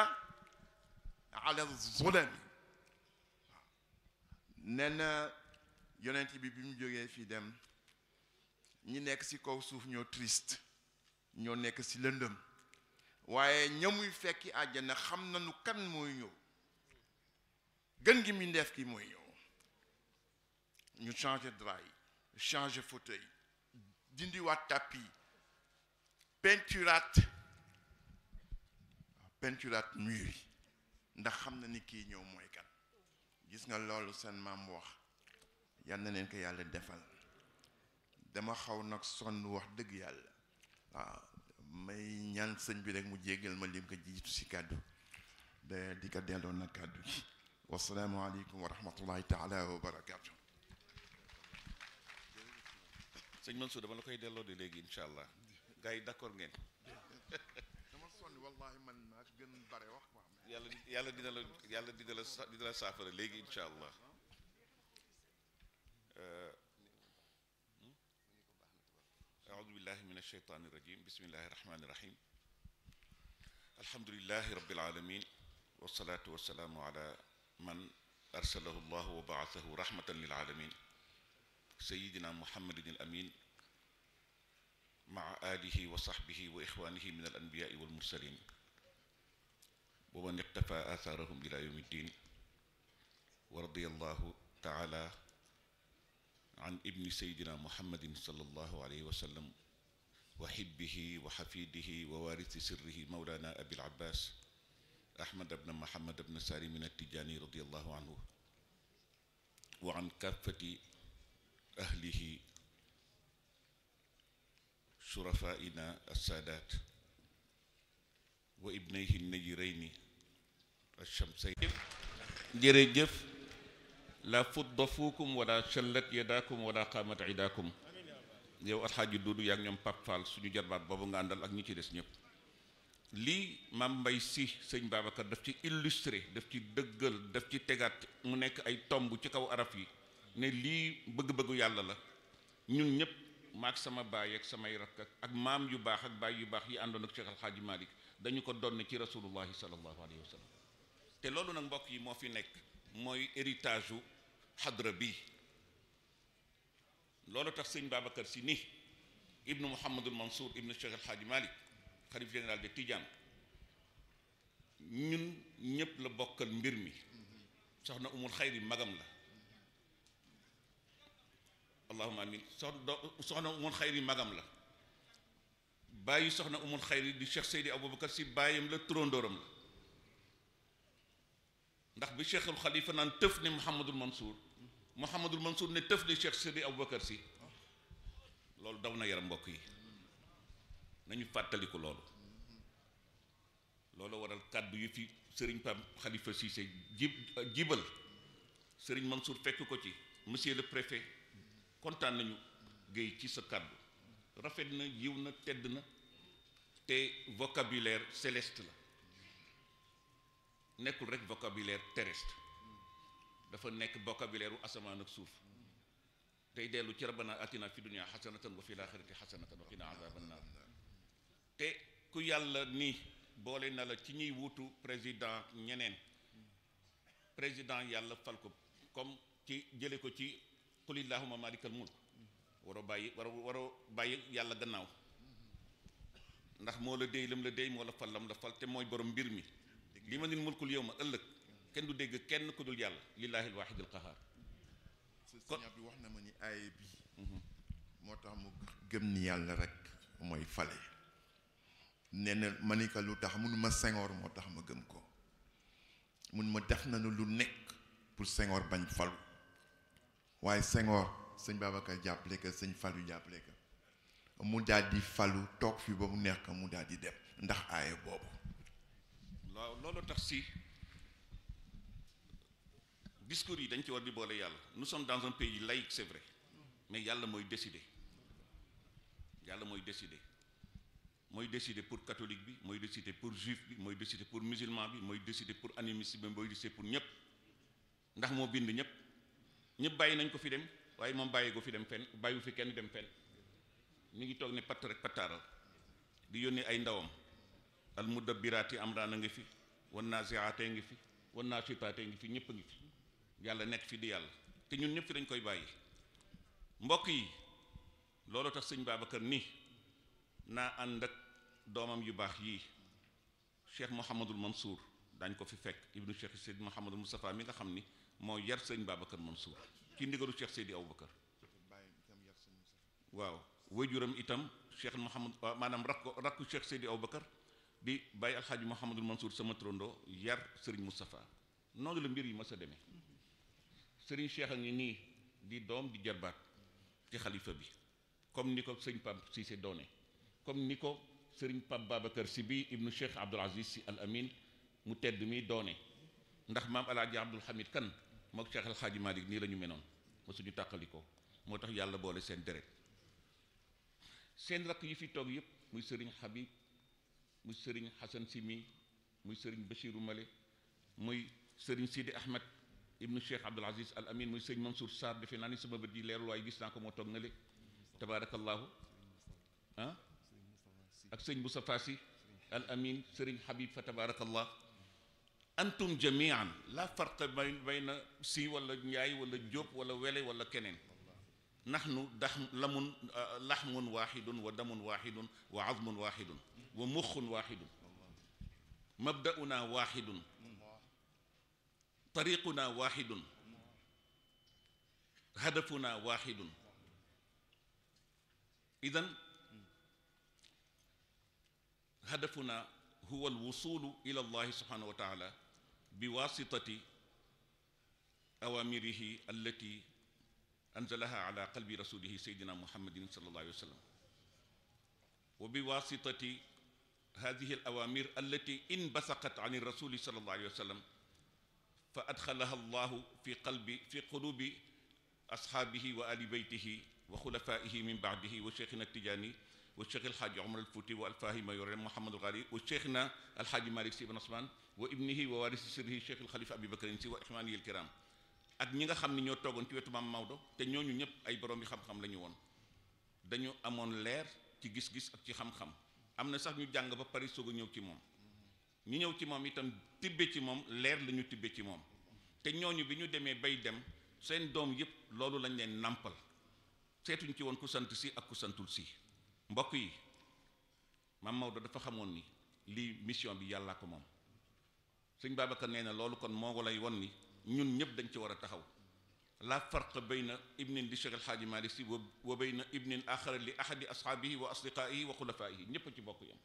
ala zulami nee na yonent bi bi mu jógee fii dem ñi nekk ci kaw suuf ñoo triste ñoo nekk ci lëndëm waaye ñamuy fekki àjjana xam na nu kan mooy ñëw gën gi mi ki mooy ñëw ñu changé drap yi changé fauteuil dindiwaat tapis yi peinturaat peinturaat mur ndax xam na ni kii ñëw mooy kan gis nga loolu seen maam wax yal na leen ko yàlla defal dama xaw nag sonn wax dëgg yàlla waaw ah, may ñaan sëñ bi rek mu jéggal ma lim ko jiitu si kàddu da di ko delloon na kàddu gi wasalaamaaleykum wa rahmatullahi taala wa barakaatu sëñ Mansour dama la koy delloo di léegi incha allah gars yi d'accord ngeen dama sonn wallahi wax yàlla yàlla dina la yàlla dina la saafara léegi incha allah euh, بالله من الشيطان الرجيم بسم الله الرحمن الرحيم الحمد لله رب العالمين والصلاة والسلام على من أرسله الله وبعثه رحمة للعالمين سيدنا محمد الأمين مع آله وصحبه وإخوانه من الأنبياء والمرسلين ومن اقتفى آثارهم إلى يوم الدين ورضي الله تعالى عن ابن سيدنا محمد صلى الله عليه وسلم وحبه وحفيده ووارث سره مولانا أبي العباس أحمد بن محمد بن سالم التجاني رضي الله عنه وعن كافة أهله شرفائنا السادات وابنيه النجرين الشمسين جريجف لا فض فوكم ولا شلت يداكم ولا قامت عداكم yow alxaaji duudu yaag ñoom Pape Fall suñu jarbaat boobu nga àndal ak ñi ci des ñëpp lii maam mbay si sëñ Babacar daf ci illustré daf ci dëggal daf ci tegaat mu nekk ay tomb ci kaw araf yi ne lii bëgg-bëggu yàlla la ñun ñëpp maak sama baay ak samay rakk ak maam yu baax ak baay yu baax yi àndoon ak Cheikh Alxaaji Malik dañu ko donn ci rasulullahi sallallahu Alaihi Wasallam sallam te loolu nag mbokk yi moo fi nekk mooy héritage u bi لولا تخ سيغ بابكر سي ني ابن محمد المنصور ابن الشيخ الحاج مالك خليف جنرال دي تيجان نين نيب لا بوكال ميرمي سخنا ام الخير مغام لا اللهم امين سخنا ام الخير مغام لا باي سخنا ام الخير دي شيخ سيدي ابو بكر سي بايم لا تروندورم ndax bi cheikhul khalifa nan teuf mohammedul mansour Mouhamadul Mansour ne tëf ne Cheikh Sidi Aboubacar si loolu daw na yaram mbokk yi nañu fàttaliku loolu loolu waral kàddu yu fi sëriñ Pam Khalifa Cissé jib jibal sëriñ Mansour fekk ko ci monsieur le préfet kontaan nañu géey ci sa kàddu rafet na yiw na tedd na te vocabulaire céleste la nekkul rek vocabulaire terrestre dafa nekk vocabulaire u asamaan ak suuf tey dellu ci rabbana atina fi dunia xasanatan wa fi laa laaxirati xasanatan wa qina azaban naar te ku yàlla ni boole na la ci ñuy wutu président ñeneen président yàlla fal ko comme ci jële ko ci qulillahuma malikal mulk waroo bàyyi waroo waroo bàyyi yàlla gannaaw ndax moo la déy lam la déy moo la fal lam la fal te mooy borom mbir mi li ma nin mulkul yow ma ëllëg kenn du dégg kenn ko dul yàlla lillahi alwahid alqahar sëñ bi wax na ma ni aaye bi moo tax mu gëm ni yàlla rek mooy fale nee na ma ko lu tax mënu ma Senghor moo tax ma gëm ko mun ma def nañu lu nekk pour Senghor bañ falu waaye Senghor sëñ Babacar jàppale ko sëñ Fallou jàppale mu daal falu toog fi ba mu neex ko mu daal di dem ndax aaye boobu loolu tax si discours yi dañ ci war di boole yàlla nous sommes dans un pays laïque c'est vrai mais yàlla mooy décider yàlla mooy décider mooy décider pour catholique bi mooy décider pour juif bi mooy décider pour musulman bi mooy décider pour animiste bi mooy décider pour ñëpp ndax moo bind ñëpp ñëpp bàyyi nañ ko fi dem waaye moom bàyyi ko fi dem fenn bàyyiwu fi kenn dem fenn mu ngi toog ne patt rek pattaaral di yónnee ay ndawam al mudabbiraati amraan a ngi fi wan naa ziaatee ngi fi wan naa ñëpp a ngi yàlla nekk fi di yàlla te ñun ñëpp fi dañ koy bàyyi mbokk yi looloo tax sëñ Babacar ni naa ànd ak doomam yu baax yii Cheikh Mouhamadul Mansour dañ ko fi fekk ibnu Cheikh Seydi Mouhamadul Moustapha mi nga xam ni moo yar sëñ Babacar Mansour ci ndigalu Cheikh Seydi Aboubacar waaw wajuram itam Cheikh Mouhamad ah, maanaam rakku rakku Cheikh Seydi Aboubacar di bàyyi alxaaji Mouhamadul Mansour sama trondo yar Serigne Moustapha noonu la mbir yi mas a demee sëriñ Cheikh a ngi nii di doom di jarbaat ci xalifa bi comme ni ko sëñ Pape Cissé doone comme ni ko sëriñ Pape Babacar Sy bi ibnu Cheikh Abdoul Aziz Al Amin mu tedd mi doone ndax maam alaaji Abdoul Hamid kan mook Cheikh El Hadji Malick nii lañu menoon ma suñu tàqalikoo moo tax yàlla boole seen deret seen rakk yi fi toog yëpp muy sëriñ Habib muy sëriñ Hassan Simi muy sëriñ Bachiru Male muy sëriñ Sidi Ahmed ibnu cheikh abdul aziz al amin muy sëñ mansour sarr defe naa ni sama bët yi leerul waaye gis naa ko moo toog na le tabaarakallaahu ah ak sëñ moustapha si al amin sëriñ habib fa tabaarakallah antum jamian la farqa bayna si wala njaay wala jóob wala wele wala keneen نحن دحم لم لحم واحد ودم واحد وعظم واحد ومخ واحد مبدأنا واحد طريقنا واحد هدفنا واحد إذا هدفنا هو الوصول إلى الله سبحانه وتعالى بواسطة أوامره التي أنزلها على قلب رسوله سيدنا محمد صلى الله عليه وسلم وبواسطة هذه الأوامر التي انبثقت عن الرسول صلى الله عليه وسلم فأدخلها الله في قلب في قلوب أصحابه وآل بيته وخلفائه من بعده وشيخنا التجاني والشيخ الحاج عمر الفوتي والفاهي مايور محمد الغالي وشيخنا الحاج مالك سي بن عثمان وابنه ووارث سره الشيخ الخليفة أبي بكر سي وإخوانه الكرام ak ñi nga xam ne ñoo toogoon ci wetu maam Maodo te ñooñu ñëpp ay borom yi xam-xam la ñu woon dañu amoon leer ci gis-gis ak ci xam-xam am na sax ñu jàng ba soog ñëw ci moom ñu ñëw ci moom itam tibbe ci moom leer la ñu tibbe ci moom te ñooñu bi ñu demee bay dem seen doom yëpp loolu lañ leen nàmpal seetuñ ci woon ku sant si ak ku santul si mbokk yi maam Maodo dafa xamoon ni lii mission bi yàlla ko moom sëñ Babacar nee na loolu kon moo lay won ni ñun ñëpp dañ ci war a taxaw la farq bayna ibnin li Cheikh El Hadji Malick Sy wa bayna ibnin axara li ahadi ashaabihi wa asdiqaihi wa xulafaihi ñëpp ci bokk yam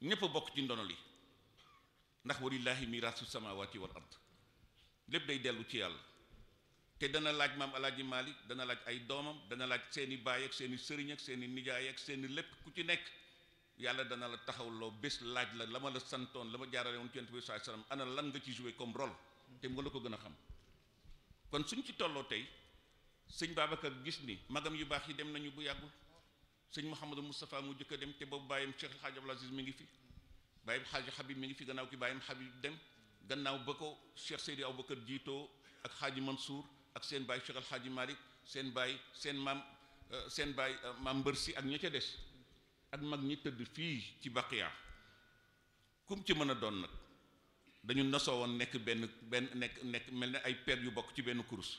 ñëpp bokk ci ndono li ndax walillahi miraasu samawati wal ard lépp day dellu ci yàlla te dana laaj maam alaaji maali dana laaj ay doomam dana laaj seeni baay ak seeni sëriñ ak seeni nijaay ak seeni lépp ku ci nekk yàlla dana la taxawloo bés laaj la la ma la santoon la ma jaarale woon ci yonent bi sallallahu alayhi wasallam ana lan nga ci joué comme rôle te nga la ko gën a xam kon suñ ci tolloo tey sëñ Babacar gis ni magam yu baax yi dem nañu bu yàggul sëñ Mouhamadou Moustapha mu jëkk a dem te boobu bàyyam Cheikh El mi ngi fi bàyyim xaaji xabib mi ngi fi gannaaw ki bàyyim xabib dem gannaaw ba ko aw ba kër jiitoo ak xaaji mansour ak seen baay cheikh alxaaji malik seen baay seen maam euh, seen baay euh, maam mbër si ak ña ca des ak mag ñi tëdd fii ci baqiya kum ci mën a doon nag dañu nasoo woon nekk benn benn nekk nekk mel ni ay per yu bokk ci benn kurus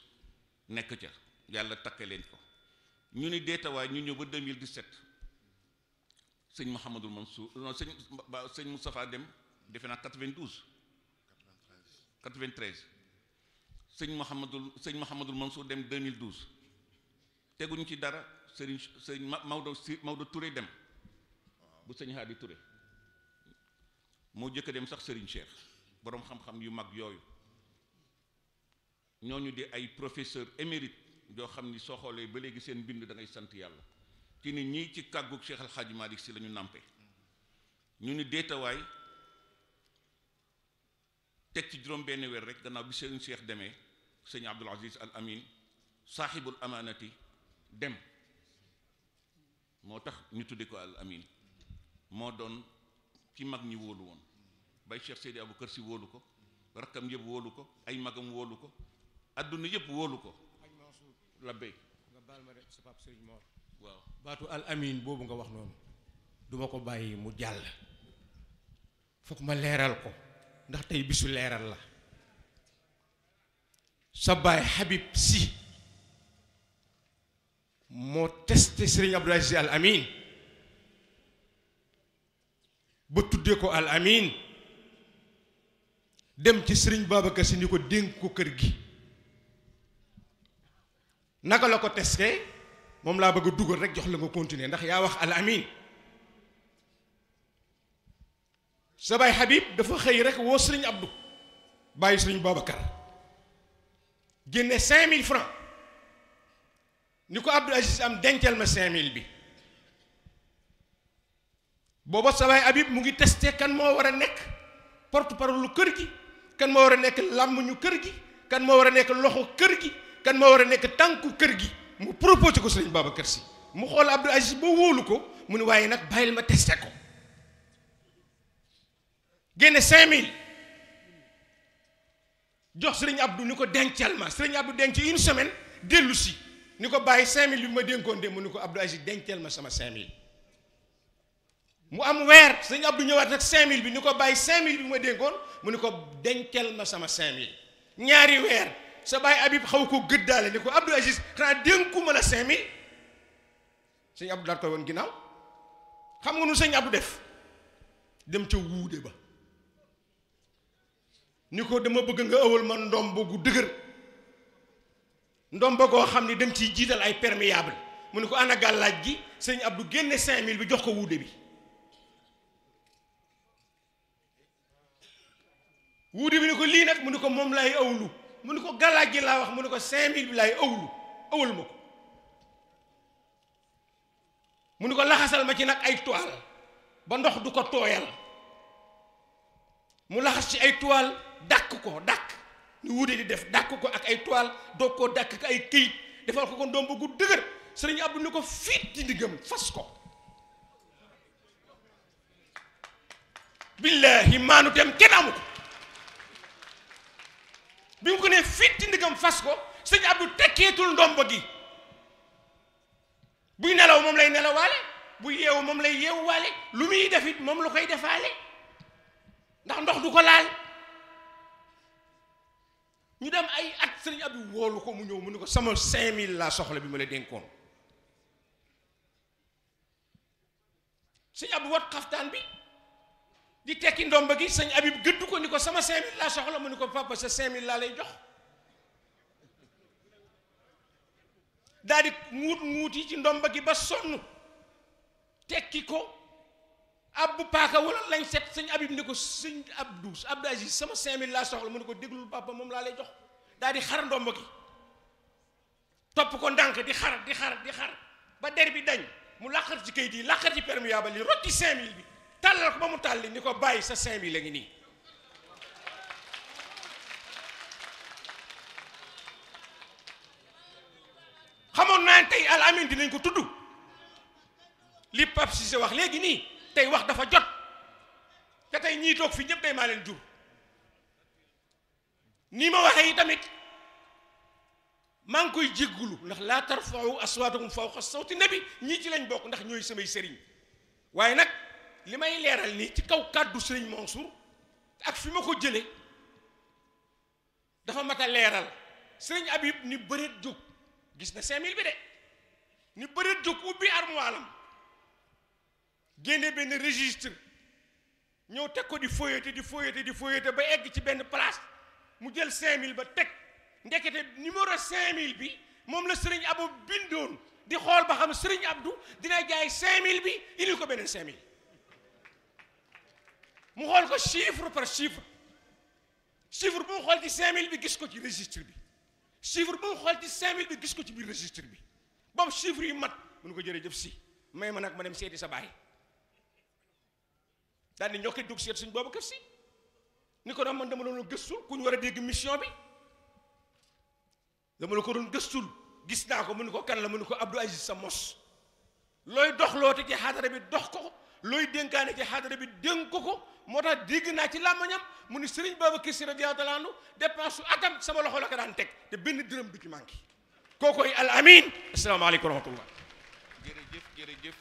nekk ca yàlla takke leen ko ñu ni deetawaay ñu ñëw ba 2017 sëñ Mouhamadul Mansour non sëñ sëñ Moustapha Dem defe naa 92. 93 sëñ Mouhamadul sëñ Mansour Dem 2012 Tegun ci dara sëriñ sëñ Maodo si Touré dem bu sëñ Hadi Touré moo jëkk dem sax sëriñ Cheikh borom xam-xam yu mag yoyu ñooñu di ay professeur émérite yoo xam ni soo ba léegi seen bind da ngay ci nit ñi ci kàggug Cheikh Al Hadj Malick si la ñu nàmpe ñu ni deetawaay teg ci juróom benn weer rek gannaaw bi sëñ Cheikh demee sëñ Abdul Aziz Al Amin saaxibul amaanati dem moo tax ñu tudde ko Al Amin moo doon ci mag ñi wóolu woon bay Cheikh Seydi Aboubacar Sy wóolu ko rakkam yëpp wóolu ko ay magam wóolu ko adduna yëpp wóolu ko la bay nga baal ma de sa pap Sëriñ Mor waaw baatu al amin boobu nga wax noonu duma ko bàyyi mu jàll foog ma leeral ko ndax tey bisu leeral la sa baay Habib Sy moo testé Serigne Abdoul Aziz Al Amine ba tuddee ko Al Amine dem ci Serigne Babacar Sy ni ko dénk ko kër gi naka la ko testé moom laa bëgg a dugal rek jox la nga continuer ndax yaa wax al amin sa Habib dafa xëy rek woo sëriñ Abdou bàyyi booba Babacar génne cinq mille francs ni ko Abdou Aziz am dencal ma cinq mille bi booba sa baay Habib mu ngi testé kan moo war a nekk porte parole lu kër gi kan moo war a nekk làmmiñu kër gi kan moo war a nekk loxo kër gi kan moo war a nekk tànku kër gi mu proposé ko sëriñ Babacar si mu xool Abdou Aziz ba wóolu ko mu ne waaye nag bàyyil ma testé ko génne 5000 jox sëriñ Abdou ni ko dencal ma sëriñ Abdou denc une semaine dellu ni ko bàyyi 5000 bi ma dénkoon de mu ni ko Abdou Aziz dencal ma sama 5000 mu am weer sëriñ Abdou ñëwaat nag 5000 bi ni ko bàyyi 5000 bi ma dénkoon mu ni ko dencal ma sama 5000 ñaari weer. sa baay Habib xaw ko gëddaale ni ko Abdou Aziz xanaa dénkuma la cinq mille sëñ Abdou daal koy woon ginnaaw xam nga nu sëñ Abdou def dem ca wuude ba ni ko dama bëgg nga ëwal ma ndomb gu dëgër ndomb goo xam ni dem ci jiital ay perméable mu ne ko ana gàllaaj gi sëñ Abdou génne cinq mille bi jox ko wuude bi wuude bi ni ko lii nag mu ne ko moom lay ëwlu mu ni ko galaaj gi laa wax mu ni ko cinq mille bi laay ëwlu ëwal ma ko mu aitual ko laxasal ma ci nag ay toile ba ndox du ko mu laxas ci ay ko ni di def dàkk ko ak ay toile doog koo dàkk ak ay këyit defal ko ko ndoom ba gu dëgër sëriñ Abdu ni fas ko billahi bi mu ko vous avez ndigam fas ko vous Abdou fait une gi buy nelaw fait lay nelawaale bu yew mom lay yeewuwaale Vous avez fait une moom Vous koy fait ndax ndox du ko laal ñu dem ay at fait Abdou mu ñew mu sama 5000 la soxla bi ma la dénkoon Vous Abdou wat une bi di tekki ndomba gi sëñ Habib gëddu ko ni ko sama cinq mille laa soxla mu ni ko papa sa cinq mille laa lay jox daal di muut yi ci ndomba gi ba sonn tekki ko ab bu paaka wala lañ set sëñ Habib ni ko sëñ Abdou Abdou Aziz sama cinq mille laa soxla mu ko déglul papa moom laa lay jox daal di xar ndomba gi topp ko ndànk di xar di xar di xar ba der bi dañ mu làqar ci kay yi làqar ci perméable yi rotti cinq mille bi tàllal ko ba mu tàlli ni ko bàyyi sa cinq mille la nii xamoon naa tey al amin dinañ ko tudd li Pape Cissé wax léegi nii tey wax dafa jot te tey ñii toog fii ñëpp day maa leen jur nii ma waxee yi tamit maa ngi koy jéggulu ndax laa tarfa'u aswaatakum fawqa sawti nabi ñii ci lañ bokk ndax ñooy samay sëriñ waaye nag li may leeral nii ci kaw kàddu sëriñ Mansour ak fi ma ko jëlee dafa mat a leeral sëriñ Habib ni bëreet jóg gis na 5000 bi de ni bëreet jóg ubbi armoire am génne benn registre ñëw teg ko di foyete di foyete di foyete ba egg ci benn place mu jël 5000 ba teg ndekete numéro 5000 bi moom la sëriñ Abou bindoon di xool ba xam sëriñ du dina jaay 5000 bi indi ko beneen 5000. مغول كو شيفر بر شيفر شيفر بو خالتي 5000 بي غيسكو تي ريجستر بي شيفر بو خالتي 5000 بي غيسكو تي بي ريجستر بي بام شيفر يمات من كو جيري جيف سي ماي ما ناك ما نم سيتي صباحي دال نيوكي دوك سيت سيغ بوبو كيف سي نيكو دام من دام لونو غيسول كون ورا ديغ ميسيون بي دام لو كورون غيسول غيسناكو من كو كان لا من كو عبد العزيز سا لوي دوخ لوتي جي حاضر بي دوخ كو looy dénkaane ci xadara bi dénk ko moo tax dégg naa ci làmmañam mu ni sëriñ Babacar Sy radiyallahu taala anhu dépense su atam sama loxo la ko daan teg te benn dërëm du ci manqué kookoy al amin asalaamaaleykum wa rahmatullah jërëjëf jërëjëf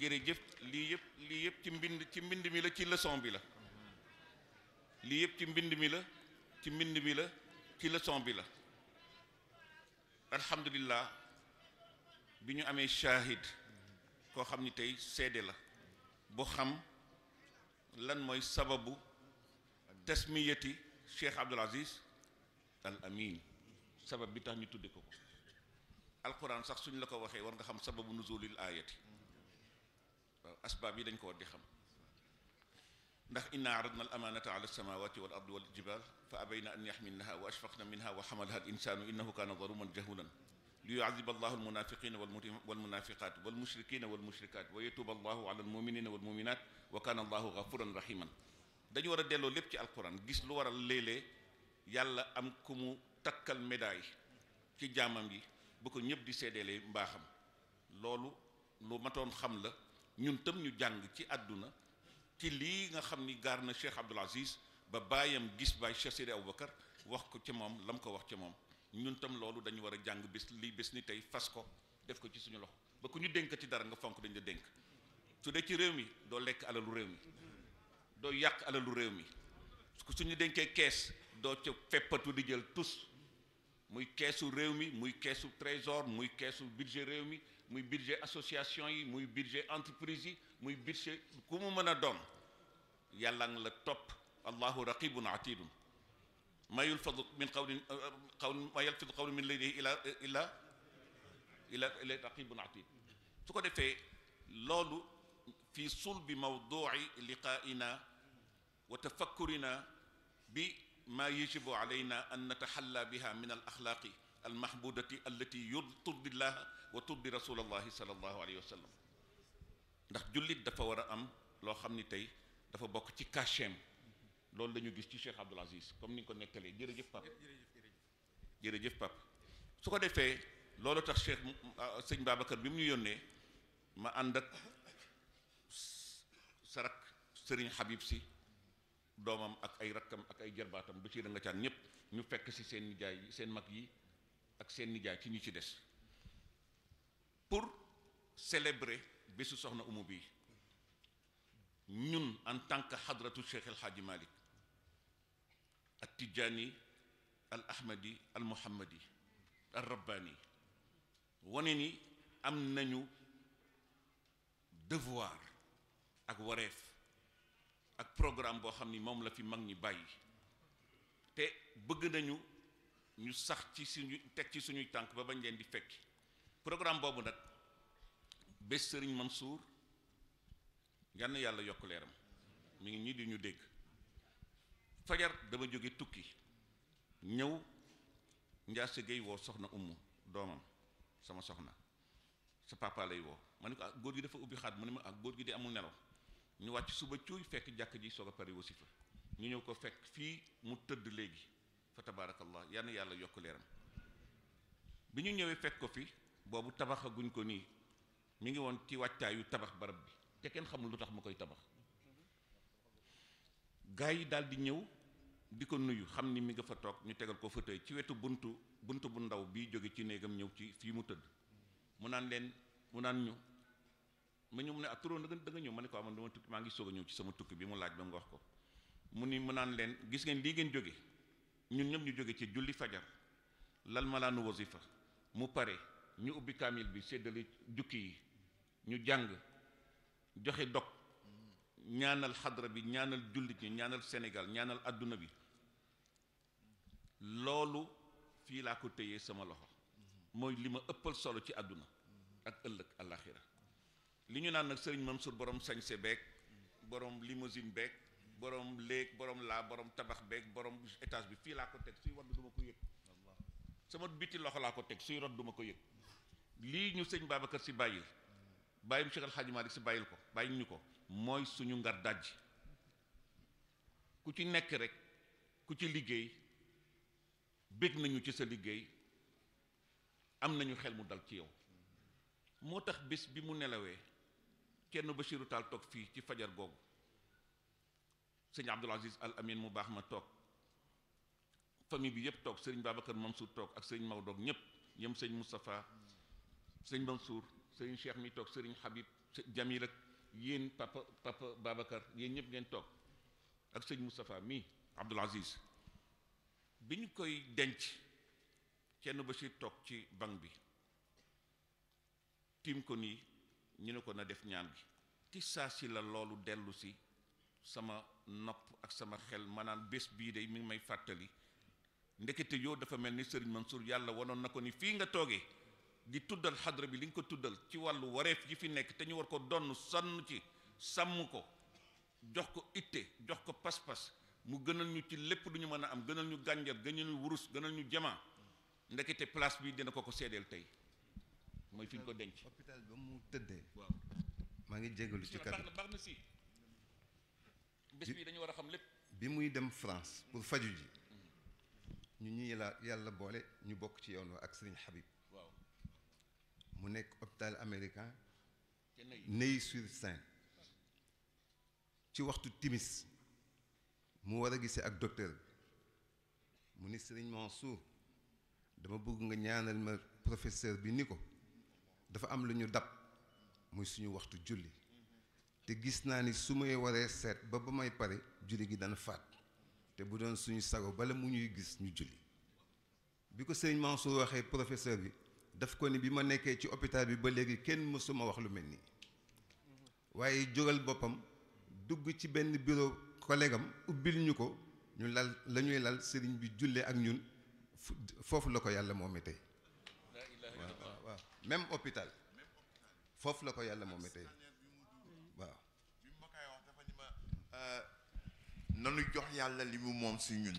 jërëjëf lii yëpp lii yëpp ci mbind ci mbind mi la ci leçon bi la lii yëpp ci mbind mi la ci mbind mi la ci leçon bi la alhamdulillah bi ñu amee shahid koo xam ni tey seede la bu xam lan mooy sababu tasmiyati Cheikh Abdoul Aziz Al Amin sabab bi tax ñu tudde ko ko alquran sax suñ la ko waxee war nga xam sababu nuzulil ayati waaw asbaab yi dañ ko war di xam ndax inna aradna al amanata ala alsamawati wal ardi wal jibal fa abayna an yaxmilnaha wa ashfaqna minha wa xamalaha al insanu innahu kana daluman jahulan ليعذب الله المنافقين والمنافقات والمشركين والمشركات ويتوب الله على المؤمنين والمؤمنات وكان الله غفورا رحيما دانيو ورا ديلو ليب تي القران غيس لو ورا ليلي يالا ام كومو تاكل ميداي كي جامام بي بوكو نيب دي سيدلي مباخم لولو لو ماتون خام لا نيون تام ني جانغ تي ادونا تي ليغا خامني غارنا شيخ عبد العزيز با بايام غيس باي شيخ سيدي ابو بكر واخكو تي موم لام واخ تي موم ñun tam loolu dañu war a jàng bis li bis ni tey fas ko def ko ci suñu loxo ba ku ñu dénk ci dara nga fonk dañu la dénk su dee ci réew mi doo lekk alalu réew mi doo yàq alalu réew mi suñu dénkee kees doo ca feppatu di jël tus muy keesu réew mi muy keesu trésor muy keesu budget réew mi muy budget association yi muy budget entreprise yi muy budget ku mu mën a doon yàlla nga la topp allahu raqibun atidum ما يلفظ من قول قول ما يلفظ قول من ليله الى الى الى الى رقيب عتيد سوكو ديفي لولو في صلب موضوع لقائنا وتفكرنا بما يجب علينا ان نتحلى بها من الاخلاق المحبوده التي ترضي الله وترضي رسول الله صلى الله عليه وسلم ناخ جوليت دا ام لو خامني تاي دا فا بوك loolu la gis ci Cheikh Abdoul Aziz comme ni ko nga ko nettalee jërëjëf Pape jërëjëf Pape su ko defee loolu tax Cheikh ah, sëñ Babacar bi mu ñu yónnee ma ànd ak sarak sëriñ Habib si doomam ak ay rakkam ak ay jarbaatam ba ci da nga caan ñëpp ñu fekk si seen nijaay seen mag yi ak seen nijaay ci ñu ci des pour célébrer bésu soxna umu bi ñun en tant que xadratu Cheikh El Hadji al tijaani al ahmadi al muhammadi al rabbaani wane ni am nañu devoir ak wareef ak programme boo xam ni moom la fi mag ñi bàyyi te bëgg nañu ñu sax ci suñu teg ci suñuy tànk ba bañ leen di fekki programme boobu nag bés sëriñ Mansour yal na yàlla yokk leeram mi ngi ñii di ñu dégg fajar dama jóge tukki ñëw njaase gay woo soxna umm doomam sama soxna sa papa lay woo ma ne ko ak ah, góor gi dafa ubbi xaat mu ne ma ak ah, góor gi de amul nelaw ñu wàcc suba cuuy fekk jàkk ji soo a pare wasifa ñu ñëw ko fekk fii mu tëdd léegi fa tabaarakallah yàlla na yàlla yokk leeram bi ñu ñëwee fekk ko fi boobu tabaxaguñ ko nii mi ngi woon ci wàccaayu tabax barab bi te kenn xamul lu tax ma koy tabax gaa yi daal di ñëw di ko nuyu xam ni mi nga fa toog ñu tegal ko fauteuil ci wetu buntu bunt bu ndaw bi jóge ci néegam ñëw ci fii mu tëdd mu naan leen mu naan ñu ma ñu mu ne ak ah, turóon da ñëw ma ne ko am ah, dama tukki maa ngi soog ñëw ci sama tukki bi mu laaj ba nga wax ko mu ni mu naan leen gis ngeen lii ngeen jóge ñun ñëpp ñu jóge ci julli fajar lal malaanu wasifa mu pare ñu ubbi kaamil bi séddale jukki yi ñu jàng joxe dog ñaanal xadra bi ñaanal jullit ñi ñaanal Sénégal ñaanal àdduna bi loolu fii laa ko téyee sama loxo mooy li ma ëppal solo ci àdduna ak ëllëg àllaaxira li ñu naan nag sëriñ Mansour borom sañse beeg borom limousine bek borom léeg borom laa borom tabax bek borom étage bi fii laa ko teg suy wadd du ma ko yëg sama biti loxo laa ko teg suy rod du ma ko yëg lii ñu sëñ Babacar si bàyyil bàyyim Cheikh Alxaaji Malik si bàyyil ko bàyyil ñu ko mooy suñu ngar dajj ku ci nekk rek ku ci liggéey bég nañu ci sa liggéey am nañu xel mu dal ci yow moo tax bés bi mu nelawee kenn Bachiru Taal toog fii ci fajar googu sëñ Abdul Aziz Al Amin mu baax ma toog famille bi yëpp toog sëriñ Babacar Mansour toog ak sëriñ Maodo ñëpp yëm sëñ Moustapha sëñ Mansour sëriñ Cheikh mi toog sëriñ Habib Jamil ak yéen papa papa Babacar yéen ñëpp ngeen toog ak sëñ Moustapha mi Abdoul Aziz bi ñu koy denc kenn ba si toog ci banc bi tiim ko nii ñu ne ko na def ñaan bi ci saa si la loolu dellu si sama nopp ak sama xel maanaam bés bii de mi ngi may fàttali ndekete yoo dafa mel ni sëriñ Mansour yàlla wanoon na ko ni fii nga toogee di tuddal xadra bi li nga ko tuddal ci wàllu wareef ji fi nekk te ñu war ko donn sonn ci sàmm ko jox ko itte jox ko pas-pas mu gënal ñu ci lépp du ñu mën a am gënal ñu gànjar gënal ñu wurus gënal ñu jamaa ndekete place bi dina ko ko seedeel tey mooy fi ñu ko denc. hôpital ba mu tëddee. waaw ngi jégalu ci kàddu baax na si bés bi dañu war a xam lépp. bi muy dem France pour faju ji mhm. ñu ñu la yàlla boole ñu bokk ci yoon wa ak Serigne Habib. mu nekk hôpital américain Neuilly-sur-Seine ci waxtu timis mu war a gisee ak docteur bi mu ni Sëriñ Mansour dama bëgg nga ñaanal ma professeur bi ni ko dafa am lu ñu dab muy suñu waxtu julli te gis naa ni su may waree seet ba ba may pare julli gi dana faat te bu doon suñu sago bala mu ñuy gis ñu julli bi ko Sëriñ Mansour waxee professeur bi daf ko ni bi ma nekkee ci hôpital bi ba léegi kenn mësuma wax lu mel nii waaye jógal boppam dugg ci benn bureau collègue am ubbil ñu ko ñu lal la ñuy lal sëriñ bi jullee ak ñun foofu la ko yàlla moomee tey waaw même hôpital foofu la ko yàlla moomee tey waaw bi ma koy wax dafa ni ma euh, nanu jox yàlla li mu moom si ñun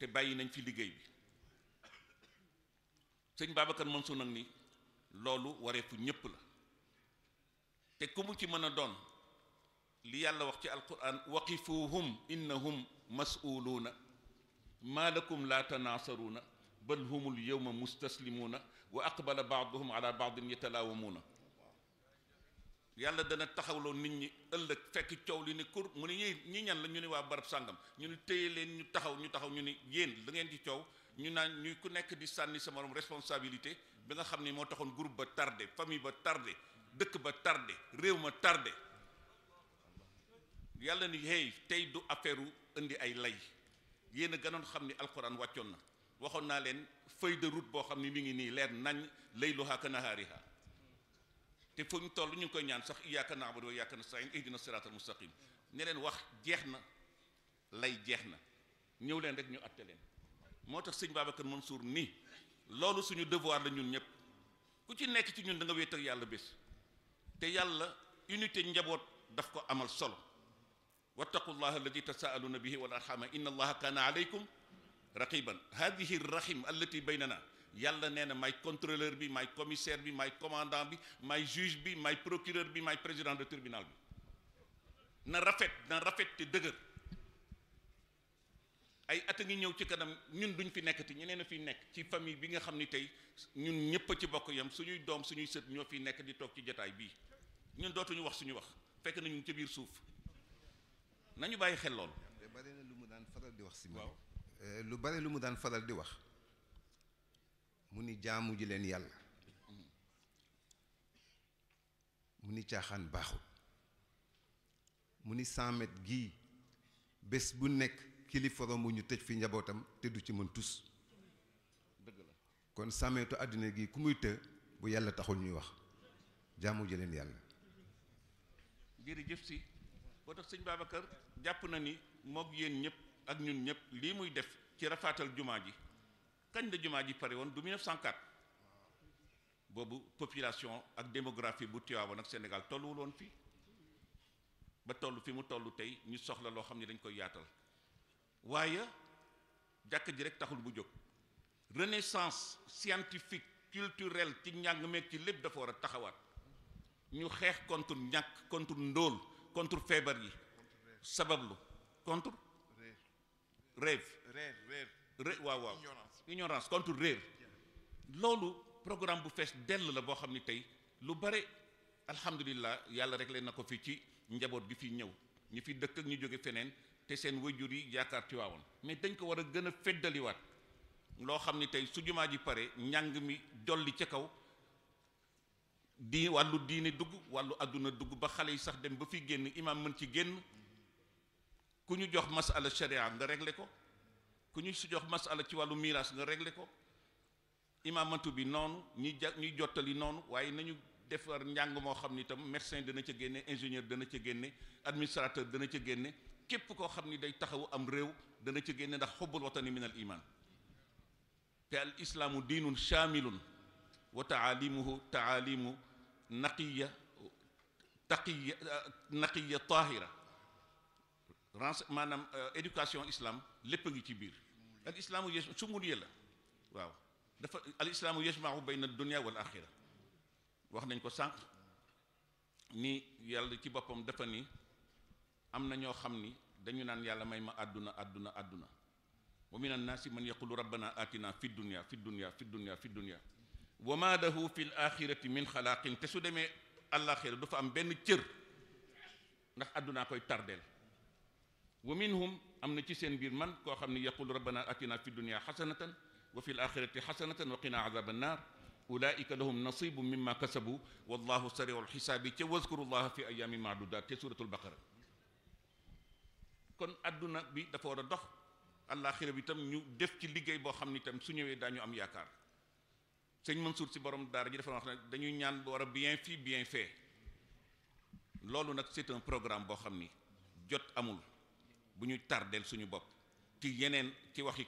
te bàyyi nañ fi liggéey bi sëñ babakar Mansour nak ni loolu wareefu ñépp la te ku mu ci mëna doon li yàlla wax ci alquran waqifuhum innahum mas'uluna ma lakum la tanasaruna bal humul yawma mustaslimuna wa aqbala ba'dhum ala baadin yatalawamuna yàlla dana taxawloo nit ñi ëllëg fekk coow li ne kur mu ne ñii ñan la ñu ne waa barab sàngam ñu ne téye leen ñu taxaw ñu taxaw ñu ne yéen da ngeen ci coow ñu naan ñuy ku nekk di sànni sa morom responsabilité bi nga xam ne moo taxoon groupe ba tardé famille ba tardé dëkk ba tardé réew ma tardé yàlla ni hey tey du affaire indi ay lay yéen a gënoon xam ni alxuraan wàccoon na waxoon naa leen feuille de boo xam ne mu ngi nii leer nañ layluha ka nahaariha te foo ñu toll ñu ngi koy ñaan sax iyyaka na'budu wa iyyaka nasta'in ihdina siratal mustaqim ne leen wax jeex na lay jeex na ñëw leen rek ñu atte leen moo tax sëñ Babacar Mansour nii loolu suñu devoir la ñun ñëpp ku ci nekk ci ñun da nga wéet ak yàlla bés te yàlla unité njaboot daf ko amal solo wattaqullaha alladi tasaaluna bihi wal arhama inna allaha kaana alaykum raqiban hadihi rahim allati baynana yàlla nee na may contrôleur bi may commissaire bi may commandant bi may juge bi may procureur bi may président de tribunal bi na rafet na rafet te dëgër ay at a ngi ñëw ci kanam ñun duñ fi nekkati ñeneen a fi nekk ci famille bi nga xam ni tey ñun ñëpp a ci bokk yam suñuy doom suñuy sët ñoo fiy nekk di toog ci jataay bii ñun dootuñu wax suñu wax fekk nañu ci biir suuf nañu bàyyi xel lool. lu mu daan faral di wax si. waaw euh, lu bari lu mu daan faral di wax. mu ni jaamu ji leen yàlla mu ni caaxaan baaxul mu ni cent mètres gii bés bu nekk kilifa romb ñu tëj fi njabootam te du ci mën tus dëgg la kon cent àddina gi ku muy të bu yàlla taxul ñuy wax jaamu ji leen yàlla jëf si boo tax sëñ Babacar jàpp na ni moog yéen ñëpp ak ñun ñëpp lii muy def ci rafaatal jumaa ji Quand le jumaa paré won 2904. du 1904 population ak démographie bu Tivaouane ak Sénégal tolluwul won fi ba toll fi mu toll tey ñu soxla lo xamni dañ koy yaatal waya jakk ji rek taxul bu jog renaissance scientifique culturelle ci ñang meeg ci lépp dafa wara taxawat ñu xeex contre ñak contre ndol contre fièvre yi sabablu contre rêve rêve waaw waaw ignorance contre réer loolu programme bu fees dell la boo xam ni tey lu bare alhamdulilah yàlla rek leen na ko fi ci njaboot bi fi ñëw ñu fi dëkk ak ñu jóge feneen te seen jur yi yaakaar ci mais dañ ko war a gën a feddaliwaat loo xam ni tey su jumaa ji pare njàng mi jolli ca kaw di wàllu diine dugg wàllu àdduna dugg ba xale yi sax dem ba fi génn imaam mën ci génn ku ñu jox masala sharia nga réglé ko ku ñu si jox masala ci wàllu miraas nga réglé ko imaamatu bi noonu ñuy ja ñuy jottali noonu waaye nañu defar njàng moo xam ni itam médecin dana ca génne ingénieur dana ca génne administrateur dana ca génne képp koo xam ni day taxawu am réew dana ca génne ndax xubbul watani min al iman te al islaamu diinun shaamilun wa taalimuhu taalimu naqiya taqiya naqiya tahira maanaam euh, éducation islam lépp a ngi ci biir al islaamu yes sumuliya la waaw dafa al islaamu yasmau bayna dunia wal axira wax nañ ko sànq ni yàlla ci boppam dafa ni am na ñoo xam ni dañu naan yàlla may ma àdduna àdduna àdduna wa min annaasi man yaqulu rabbana atina fi dunia fi dunia fi dunia fi dunia wa ma lahu fi l min xalaaqin te su demee àllaaxira du fa am benn cër ndax àddunaa koy tardeel wa minhum amna ci seen biir man koo xam ne yaqul rabbana atina fi dunia xasanatan wa fi l xasanatan wa qina azaba annar ulaika lahum nasibu mimma kasabu wallahu sariu lxisaabi ca waskuru llaha fi ayami madudat te suratul baqara kon adduna bi dafa war a dox àllaaxira bi tam ñu def ci liggéey boo xam ne itam su ñëwee daañu am yaakaar sëñ Mansour si borom daara ji dafa wax ne dañuy ñaan war a bien fi bien fait loolu nag c'est un programme boo xam ni jot amul bu ñu tardel suñu bopp ci yeneen ci waxi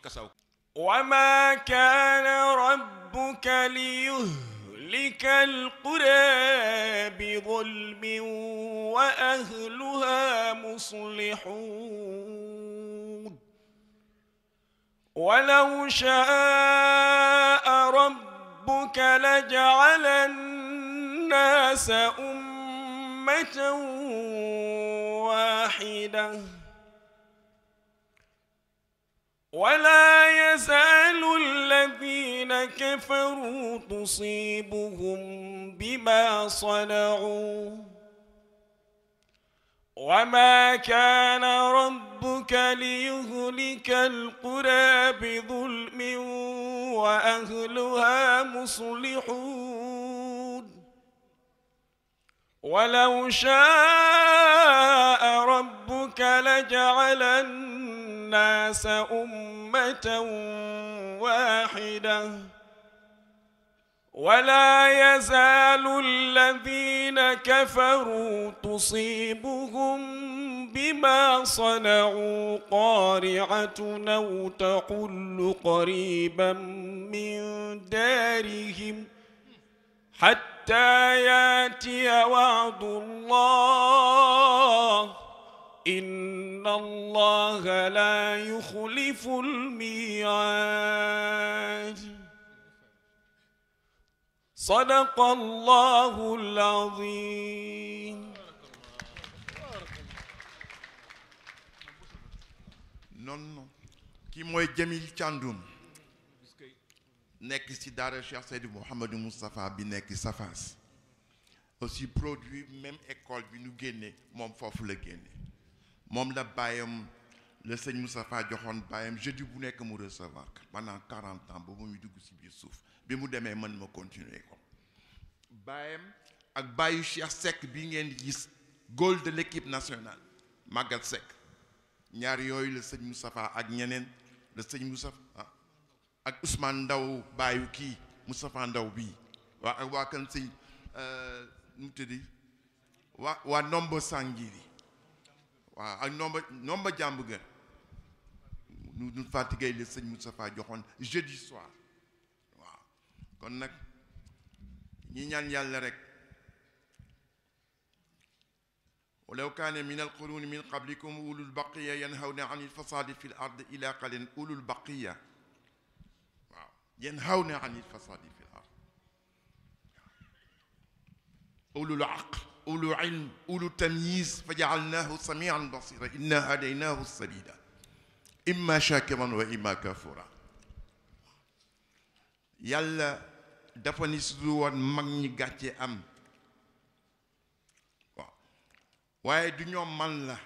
وما كان ربك ليهلك القرى بظلم واهلها مصلحون ولو شاء ربك لجعل الناس امه واحده ولا يزال الذين كفروا تصيبهم بما صنعوا وما كان ربك ليهلك القرى بظلم وأهلها مصلحون ولو شاء ربك لجعلن الناس أمة واحدة ولا يزال الذين كفروا تصيبهم بما صنعوا قارعة أو تقل قريبا من دارهم حتى ياتي وعد الله إن الله لا يخلف الميعاد صدق الله العظيم non non ki mooy Jamil Thiandoum nekk ci daara Cheikh Seydou Mouhamadou Moustapha bi nekk Safas aussi produit même école bi ñu génne moom foofu la génne moom la bàyyam le sëñ Moustapha joxoon bàyyam jeudi bu nekk mu recevoir pendant quarante ans boobu muy dugg si biir suuf bi mu demee mën ma continuer ko bàyyam ak bàyyu Cheikh sekk bi ngeen gis goal de l'équipe nationale Maguette Seck ñaar yooyu la sëñ Moustapha ak ñeneen la sëñ Moustapha ah, ak Ousmane Ndaw bàyyu kii Moustapha Ndaw bii waa ak waa kan sëñ euh, mu tëddi waa waa nombo sàngi waaw ak nomba nomba jàmb gën nu nu fatigué le sëñ Moustapha joxoon jeudi soir waaw kon nag ñi ñaan yàlla rek ولو كان من القرون من قبلكم أولو البقية ينهون عن الفساد في الأرض إلى قل أولو البقية ينهون عن الفساد في الأرض أولو العقل ulu ilm ulu tamyiz fajaalnahu samian basira inna hadaynahu imma shakiran wa imma kafura Yalla, am man la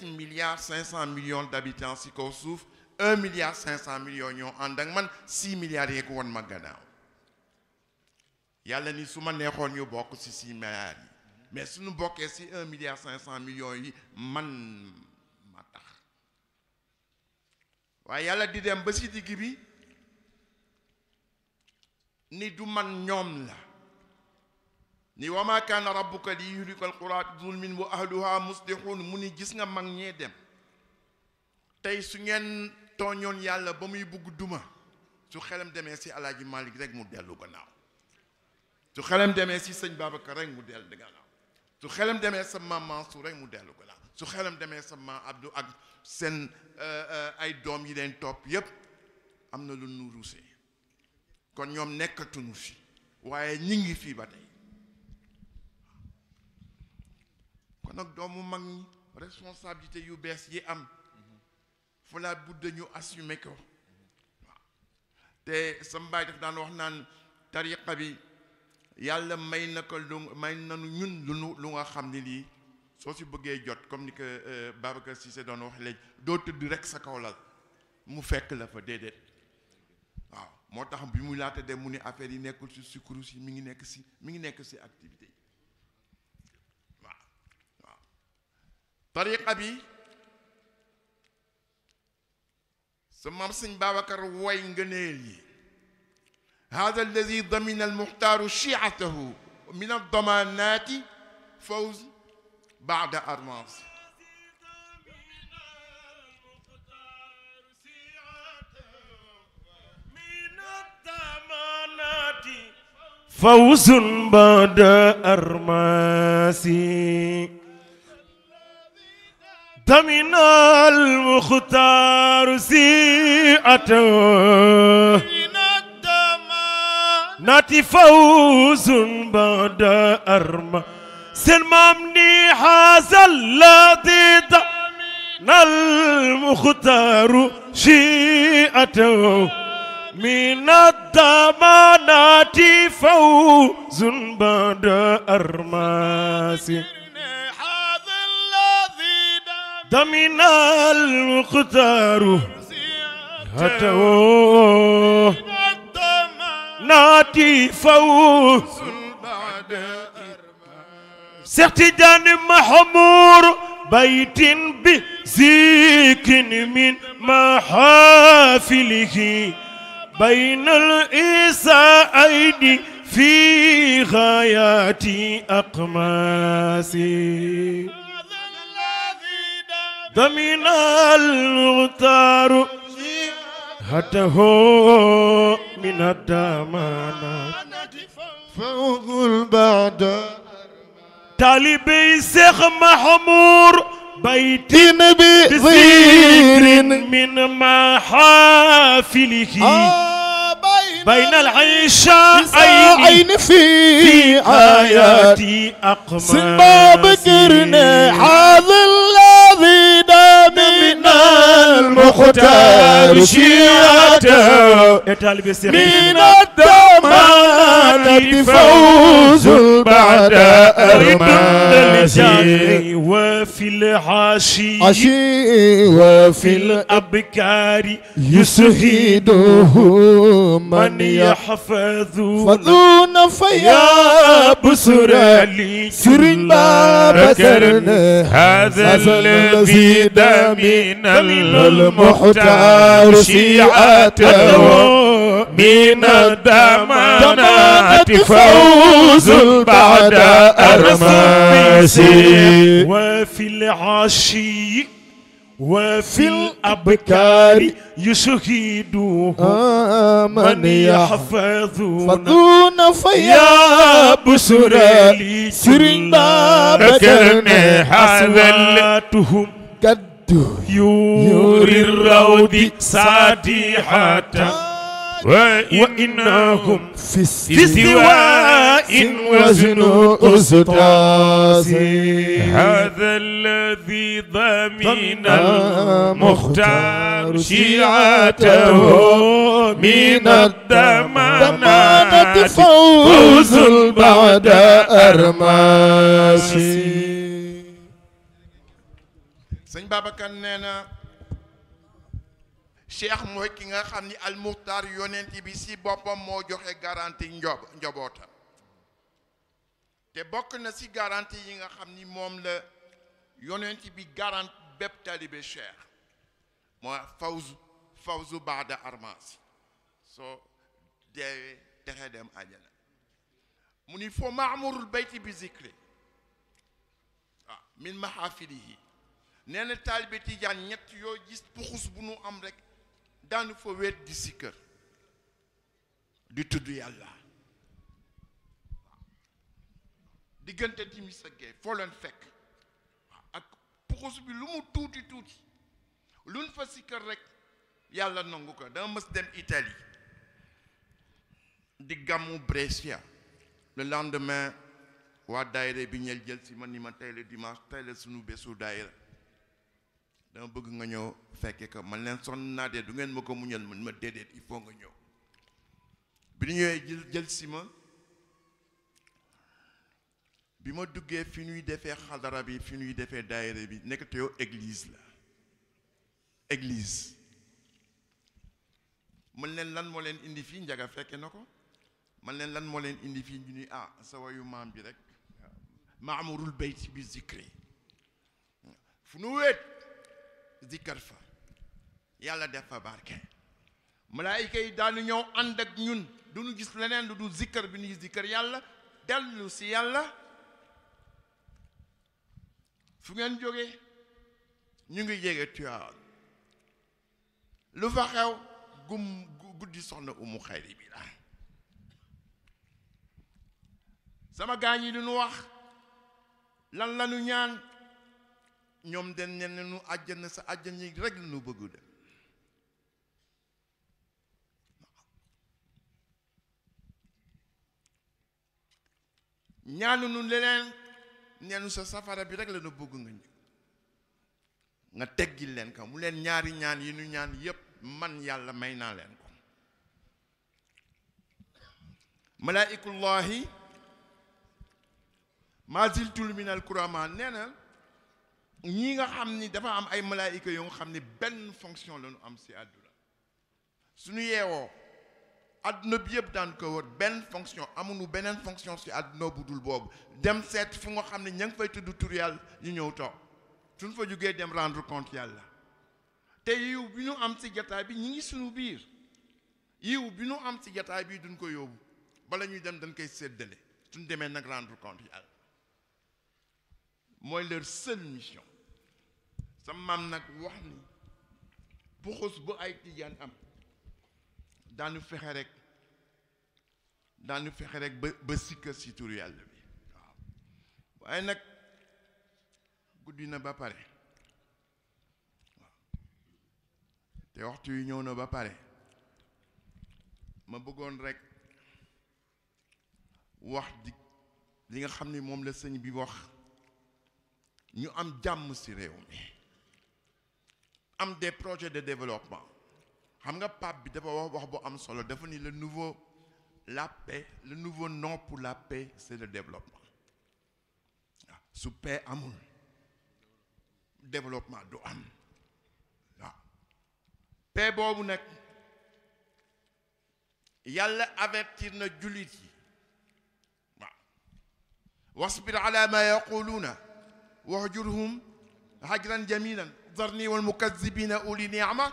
milliards millions d'habitants si kaw 1 un milliard 500 millions milliards yàlla ni su ma neexoon ñu bokk ci six milliards yi mais suñu bokkee ci un milliard cinq cent millions yi man ma tax waaye yàlla di dem ba ci digg bi ni du man ñoom la ni wa ma kaana rabbuka li yuhlikal qura bi zulmin wa ahluha muslihun mu ni gis nga mag ñee dem tey su ngeen tooñoon yàlla ba muy bugg duma su xelam demee ci alaaji Malik rek mu dellu gannaaw su xelam demee si sëñ Babacar rek mu dellu gannaaw su xelam demee sama maam Mansour rek mu dellu ko laa su xelam demee sa maam Abdou ak seen euh, euh, ay doom yi leen topp yépp am na lu nu ruusee kon ñoom nekkatu nu fi waaye ñi ngi fii ba tey kon nag doomu mag ñi responsabilité yu bees yi am fu laa budde ñu assumer ko waaw te sa mbaay daf daan wax naan tariqa bi yalla may na ko lu may nanu ñun lu nga xamni li so soo si jot comme ni ko euh, Babacar Cissé doon wax léegi do tëdd rek sa kaw mu fekk la fa déedéet waaw moo bi mu laté dem mu ni affaire yi nekkul ci si kurus mi ngi nekk ci mi ngi nekk ci activité yi tariqa bi sa maam sëñ Babacar way ngëneel yi هذا الذي ضمن المختار شيعته من الضمانات فوز بعد أرماز فوز بعد أرماس ضمن المختار سيئته ناتي فوز بعد أرما سلمامني هذا الذي دعنا المختار شيئته من الدم ناتي فوز بعد أرما دمنا المختار هتوه ناتي فوز بعد سيختدان محمور بيت بزيك من محافله بين الإساء أيدي في غايات أقماسي ضمن المغتار هو من الدمانات فوق البعد طالبي سيخ محمور بيت نبي بذكر من محافله آه، بين, العيشة عين في آياتي أقمى سبا بكرنا هذا الذي مختار شيعته من الدمات فوز بعد أرماسي وفي العشي وفي الأبكار يسهده من يحفظون فضون فيا بسر لي سرنا بابا هذا الذي دمنا المختار شيعته من الدمانات فوز بعد أرماسي وفي العشي وفي الأبكار يشهد من يحفظون فيا بسرى سرنا بكرنا حسناتهم يور الروض ساتحة وإنهم في سواء وزن أستاذ هذا الذي ضمن المختار شيعته من الدمامات فوز بعد أرماسي sëñ Babacar nee na cheikh mooy ki nga xam ni almuxtaar yonent bi si boppam moo joxe garanti njob njobootam te bokk na si garanti yi nga xam ni moom la yonent bi garant bépp talibe cheikh mooy fawzu fawzu baada armas soo deewee texe dem àjjana mu ni foo maamurul bayti bi zikri ah min mahafilihi nee na taalibe ñett yoo gis puxus bu nu am rek daanu fa wéet di sikkër di tudd yàlla diggante timi ak gee foo leen fekk ak puxus bi lu mu tuuti tuuti luñ fa sikkër rek yàlla nangu ko dama mës dem Italie di gàmmu Brescia le lendemain waa daayira bi ñel jël si man ni ma tey dimanche tey le sunu bésu daayira dama bëgg nga ñëw fekke ko man leen sonn naa dee du ngeen ma ko muñal man ma déedéet il faut nga ñëw bi ñu ñëwee jël jël bi ma duggee fi ñuy defee xadara bi fi ñuy defee daayira bi nekk te yow église la église man leen lan moo leen indi fii njaga fekke na ko man leen lan moo leen indi fii ñu ni ah sa wayu maam bi rek maamurul bayt bi zikri fu nu zikkar fa yàlla def fa barke malaayika yi daanu ñëw ànd ak ñun du ñu gis leneen lu dul zikkar bi ñuy zikkar yàlla dellu si yàlla fu ngeen jóge ñu ngi jege Tiwaawan lu fa xew guddi soxna umu xayri bi la sama gaañ yi du ñu wax lan la ñaan ñoom de ñenn nu sa àjjana yi rek nu bëggu dem ñaanu nu leneen neenu sa safara bi rek la bëgg nga ñu nga teggil leen ko mu leen ñaari ñaan yi ñu ñaan yépp man yàlla may naa leen ko malaa'ikullahi maziltul minal kuramaan nee na ñi nga xam ni dafa am ay malaayika yoo nga xam ni benn fonction la ñu am si àdduna suñu yeewoo àdduna bi yëpp daan ko wër benn fonction amuñu beneen fonction si àdduna bu dul boobu dem seet fi nga xam ne ña ngi fay tudd tur yàlla ñu ñëw toog suñ fa jógee dem rendre compte yàlla te yiw bi ñu am si jataay bi ñi ngi suñu biir yiw bi ñu am si jataay bi duñ ko yóbbu bala ñuy dem dañ koy séddale suñ demee nag rendre compte yàlla mooy leur seule mission sa maam nag wax ni puxus bu ay tijaan am daanu fexe rek daanu fexe rek ba ba sikka si turu yàlla bi waaw waaye nag guddi na ba pare te waxtu yu ñëw na ba pare ma bëggoon rek wax di li nga xam ni moom la sëñ bi wax ñu am jàmm si réew mi des projets de développement xam nga pape bi dafa wax solo dafa le nouveau la paix le nouveau nom pour la paix c'est le développement ah, paix développement am ah. paix avertir na yi ala ma wahjurhum hajran ذرني والمكذبين أولي نعمة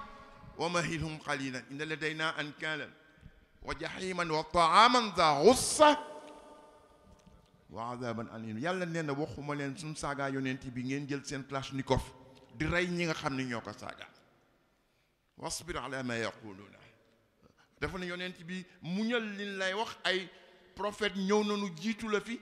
ومهلهم قليلا إن لدينا أنكالا وجحيما وطعاما ذا غصة وعذابا اليم يلا نينا وخوما لين سن ساغا يوننتي بي نين جيل سين نيكوف دي راي نيغا خامني نيوكا ساغا واصبر على ما يقولون dafa ne yonent مونيال لين لاي lay اي ay prophète ñëw nañu jiitu la fi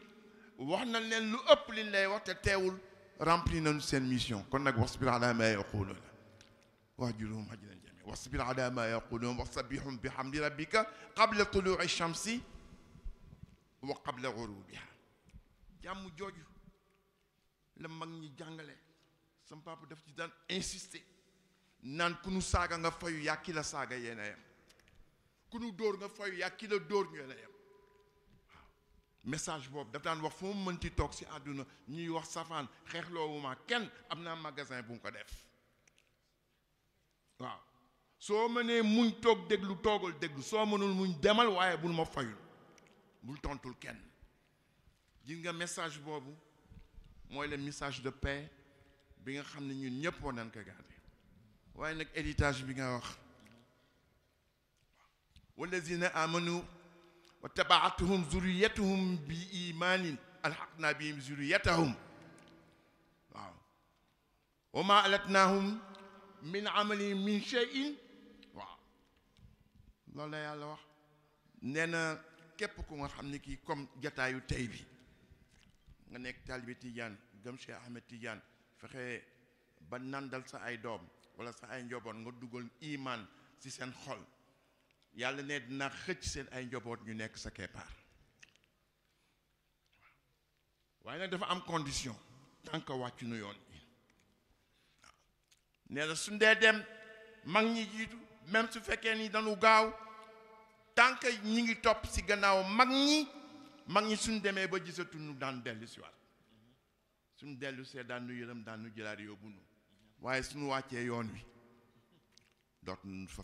wax na leen lu ëpp liñ lay wax te teewul remplis nous cette mission. Quand nous avons dit, nous avons dit, nous avons dit, nous avons dit, واصبر على ما يقولون وسبح بحمد ربك قبل طلوع الشمس وقبل غروبها جام جوج لما ني جانغالي سام باب داف سي دان انسيستي نان كونو ساغا نغا فايو ياكي لا ساغا يينا كونو دور نغا فايو ياكي لا دور ني message Bob, d'abord tan wax fo à mënti tok si aduna ñi wax kenn magasin bu ko def waaw muñ demal ma fayul message bobu moy le message de paix bi nga xamni ñun ñepp won nañ ko garder waye nak héritage bi وتبعتهم ذريتهم بإيمان ألحقنا بهم ذريتهم واو وما ألتناهم من عملهم من شيء waaw loolu la yàlla wax nee na képp ku nga xam ne kii comme jataayu tey bi nga nekk taalibe Tidiane gëm Cheikh Ahmed Tidiane fexe ba nandal sa ay doom wala sa ay njaboot nga dugal iman ci seen xol yalla ne na xëcc seen ay njoboot ñu nekk sa keppaar waaye dafa am condition tant que conditions yoon yi nee na dem mag ñi même su fekkee ni dañu gaaw tant que ñi ngi topp ci gannaaw mag ñi mag ñi suñ demee ba daan dellu si waat suñ dellu see daan nu yërëm daan fa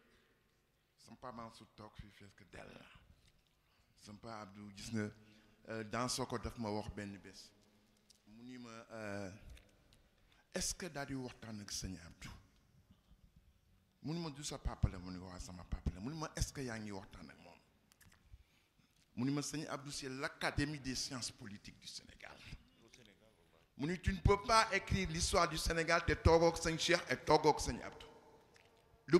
sama ne Mansour toog de Ce C'est pas Abdou euh, dans daf ma wax ben est-ce que d'ailleurs, tu ak un Abdou du ça pas papa est-ce que dit. ak que ma Abdou c'est l'académie des sciences politiques du Sénégal tu ne peux pas écrire l'histoire du Sénégal de toogoog et que Abdou lu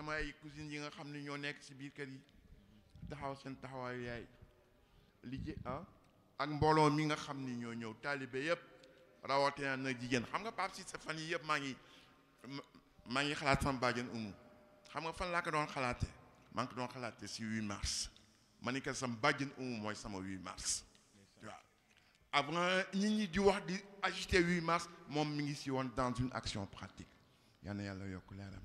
sama ay cousines yi nga xam ne ñoo nekk ci biir kër yi taxaw seen taxawaayu yaay liggéey ah ak mbooloo mi nga xam ni ñoo ñëw taalibe yëpp rawatina na jigéen xam nga pap Pape sa fan yi yëpp maa ngi maa ngi xalaat sama bàjjen umu xam nga fan laa ko doon xalaate maa ngi ko doon xalaate ci 8 mars ma ni ko sama bàjjen umu mooy sama 8 mars waaw avant nit ñi di wax di agité 8 mars moom mi ngi si woon dans une action pratique yal na yàlla yokk leeram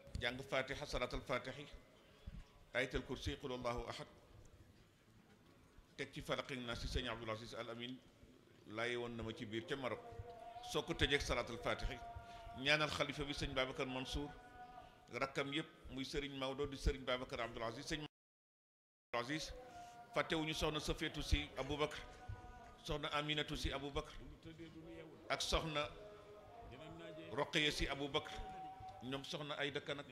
jàng fatiha salaatal fatihi ayatal kursi qul allahu ahad teg ci falaqi naa si sëñ Abdul Aziz Al Amin laaye woon na ma ci biir ca Maroc soo ko tëjeeg salaatal fatihi ñaanal xalifa bi sëñ Babacar Mansour rakkam yëpp muy sëriñ Maodo di sëriñ Babacar Abdul Aziz sëñ Abdul Aziz fàttewuñu soxna Safiyatu si Aboubacar soxna Aminatu si Aboubacar ak soxna Roqaya si Aboubacar ñoom soxna ay dëkk nag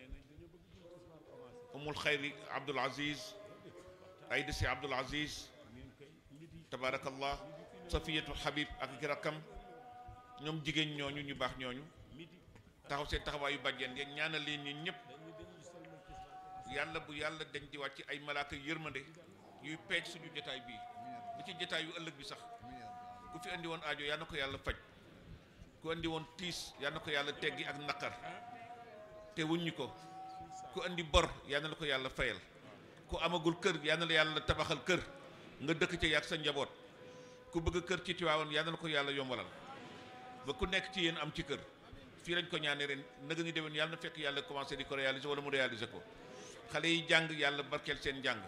umul xayri Abdul Aziz ay dësi Abdul Aziz tabaarakallah Safiyatul Habib ak rakam ñoom jigéen ñooñu ñu baax ñooñu taxaw seen taxawaayu bàjjen yeeg ñaanal leen ñun ñëpp yàlla bu yàlla deñ di wàcc ay malaaka yërmande yuy peej suñu jotaay bii bu ci jotaay yu ëllëg bi sax ku fi andi woon aajo yal na ko yàlla faj ku andi woon tiis yal na ko yàlla teggi ak naqar te wuññi ko ku indi bor yal la ko yàlla fayal ku amagul kër yal na la yàlla tabaxal kër nga dëkk ci yàgg sa njaboot ku bëgg kër ci Tiwaawan yal na la ko yàlla yombalal ba ku nekk ci yéen am ci kër fii lañ ko ñaanee ren nag ñu déwén yàlla na fekk yàlla commencé di ko réaliser wala mu réaliser ko xale yi jàng yàlla barkeel seen jàng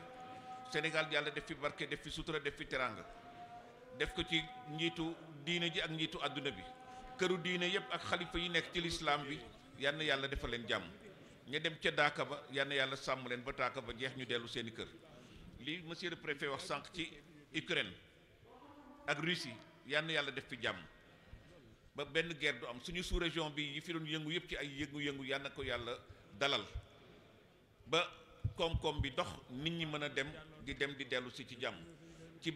Sénégal yàlla def fi barke def fi sutura def fi teranga def ko ci njiitu diine ji ak njiitu àdduna bi këru diine yëpp ak xalifa yi nekk ci lislaam bi yal na yàlla defal leen jàmm ña dem ca daaka ba yal na yàlla sàmm ba daaka ba jeex ñu dellu seeni kër li monsieur le préfet wax sànq ci Ukraine ak Russie yal na def fi ba benn guerre du am suñu sous région bi yi fi doon yëngu yëpp ci ay yëngu-yëngu ko yalla dalal ba komkom koom bi dox nit ñi a dem di dem di dellu si ci jàmm ci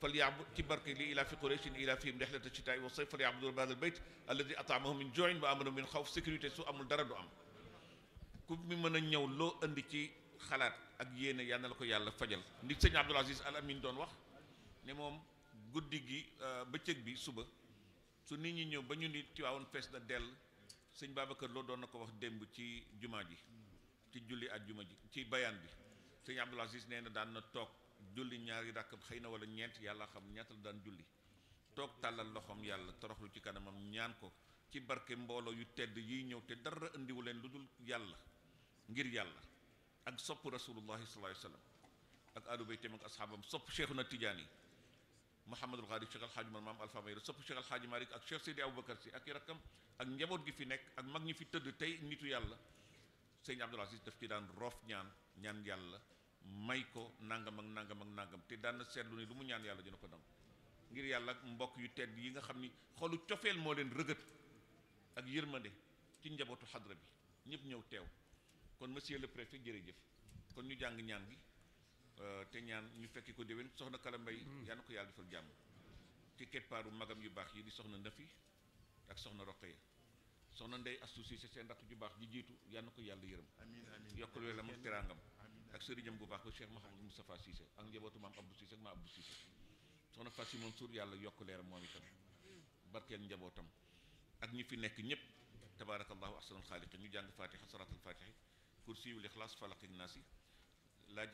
فليعبد كبرك لإلاف قريش إلافهم رحلة الشتاء والصيف فليعبدوا رب هذا البيت الذي أطعمهم من جوع وآمنهم من خوف sécurité su amul dara du am ku mi mën a ñëw loo indi ci xalaat ak yéene yal na la ko yàlla fajal ndi sëñ Abdoul Aziz Al Amin doon wax ne moom guddi gi euh, bëccëg bi suba su nit ñi ñëw ba ñu ni Tiwaawoon fees na dell baaba kër loo doon na ko wax démb ci jumaa ji ci julli ak juma ji ci bayaan bi sëñ nee na daan na toog julli ñaari rakk xëy na wala ñeent yàlla xam ñett la daan julli toog tàllal loxoom yàlla toroxlu ci kanamam ñaan ko ci barke mbooloo yu tedd yiy ñëw te dara indiwu leen lu dul yàlla ngir yàlla ak sopp rasulullahi sallallahu alayhi wa sallam ak alu baytam ak asxaabam sopp cheikhuna Tidiane yi Mouhamadul Xaadi Cheikh Alxaaji Maam Alfa Mayra sopp Cheikh Alxaaji Malik ak Cheikh Seydi Aboubacar si ak i rakkam ak njaboot gi fi nekk ak mag ñi fi tëdd tey nitu yàlla sëñ Abdul Aziz daf ci daan roof ñaan ñaan yàlla may ko nangam ak nangam ak nangam te dana na seetlu ni lu mu ñaan yàlla dina ko nangu ngir yàlla ak mbokk yu tedd yi nga xam xolu cofeel moo leen rëgët ak yërmande ci njabootu bi kon monsieur le préfet jërëjëf kon ñu jang ñaan gi euh, te ñaan ñu fekki ko déwén soxna kala mbay mm. yàlla ko yàlla defal jàmm ci magam yu baax yi di soxna ndafi ak soxna roqaya soxna ndey associé seen rakk ju baax ji jiitu yàlla ko yàlla yërëm yokkal welam ak serigne bu baax Cheikh mahamoud mustapha Cissé ak njabotu mam Abdou Cissé ak ma Abdou Cissé soxna fassi Mansour yàlla yok leer momi tam barkel njabotam ak ñi fi nekk ñëpp tabaarakallahu ahsanul khaliq ñu jàng fatiha salaatul fatihi kursi wal ixlaas falaq ak naas yi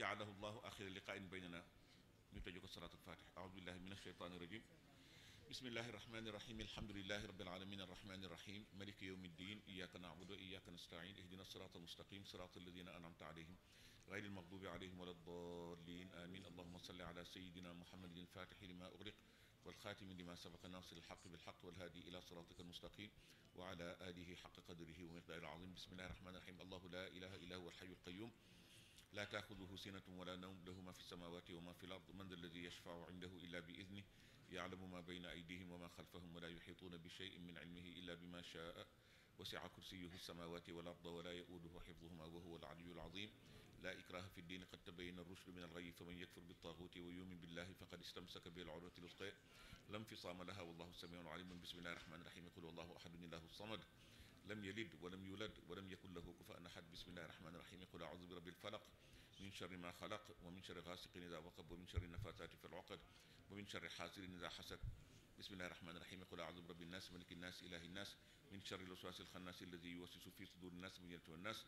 jaalahu allah akhir liqa'in baynana ñu tejju ko salaatul fatiha a'udhu billahi minash alcheytaani rajim بسم الله الرحمن الرحيم الحمد لله رب العالمين الرحمن الرحيم ملك يوم الدين إياك نعبد وإياك نستعين اهدنا الصراط المستقيم صراط الذين أنعمت عليهم غير المغضوب عليهم ولا الضالين آمين اللهم صل على سيدنا محمد الفاتح لما أغلق والخاتم لما سبق ناصر الحق بالحق والهادي إلى صراطك المستقيم وعلى آله حق قدره ومقداره العظيم بسم الله الرحمن الرحيم الله لا إله إلا هو الحي القيوم لا تأخذه سنة ولا نوم له ما في السماوات وما في الأرض من ذا الذي يشفع عنده إلا بإذنه يعلم ما بين أيديهم وما خلفهم ولا يحيطون بشيء من علمه إلا بما شاء وسع كرسيه السماوات والأرض ولا يؤوده حفظهما وهو العلي العظيم لا إكراه في الدين قد تبين الرشد من الغي فمن يكفر بالطاغوت ويؤمن بالله فقد استمسك بالعروة العروة الوثقى لا انفصام لها والله سميع عليم بسم الله الرحمن الرحيم قل والله أحد الله الصمد لم يلد ولم يولد ولم يكن له كفاء أحد بسم الله الرحمن الرحيم قل أعوذ برب الفلق من شر ما خلق ومن شر غاسق إذا وقب ومن شر النفاثات في العقد ومن شر حاسد إذا حسد بسم الله الرحمن الرحيم قل أعوذ برب الناس ملك الناس إله الناس من شر الوسواس الخناس الذي يوسوس في صدور الناس من الناس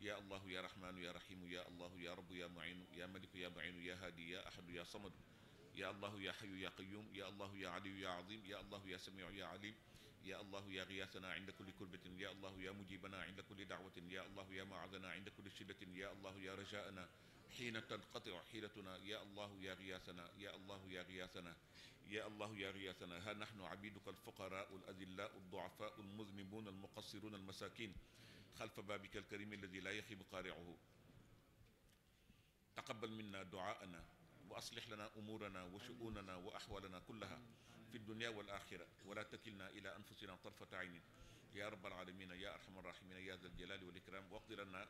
يا الله يا رحمن يا رحيم يا الله يا رب يا معين يا ملك يا معين يا هادي يا أحد يا صمد يا الله يا حي يا قيوم يا الله يا علي يا عظيم يا الله يا سميع يا عليم يا الله يا غياثنا عند كل كربة يا الله يا مجيبنا عند كل دعوة يا الله يا معاذنا عند كل شدة يا الله يا رجاءنا حين تنقطع حيلتنا يا الله يا غياثنا يا الله يا غياثنا يا الله يا غياثنا ها نحن عبيدك الفقراء الأذلاء الضعفاء المذنبون المقصرون المساكين خلف بابك الكريم الذي لا يخيب قارعه تقبل منا دعاءنا وأصلح لنا أمورنا وشؤوننا وأحوالنا كلها في الدنيا والآخرة ولا تكلنا إلى أنفسنا طرفة عين يا رب العالمين يا أرحم الراحمين يا ذا الجلال والإكرام واقض لنا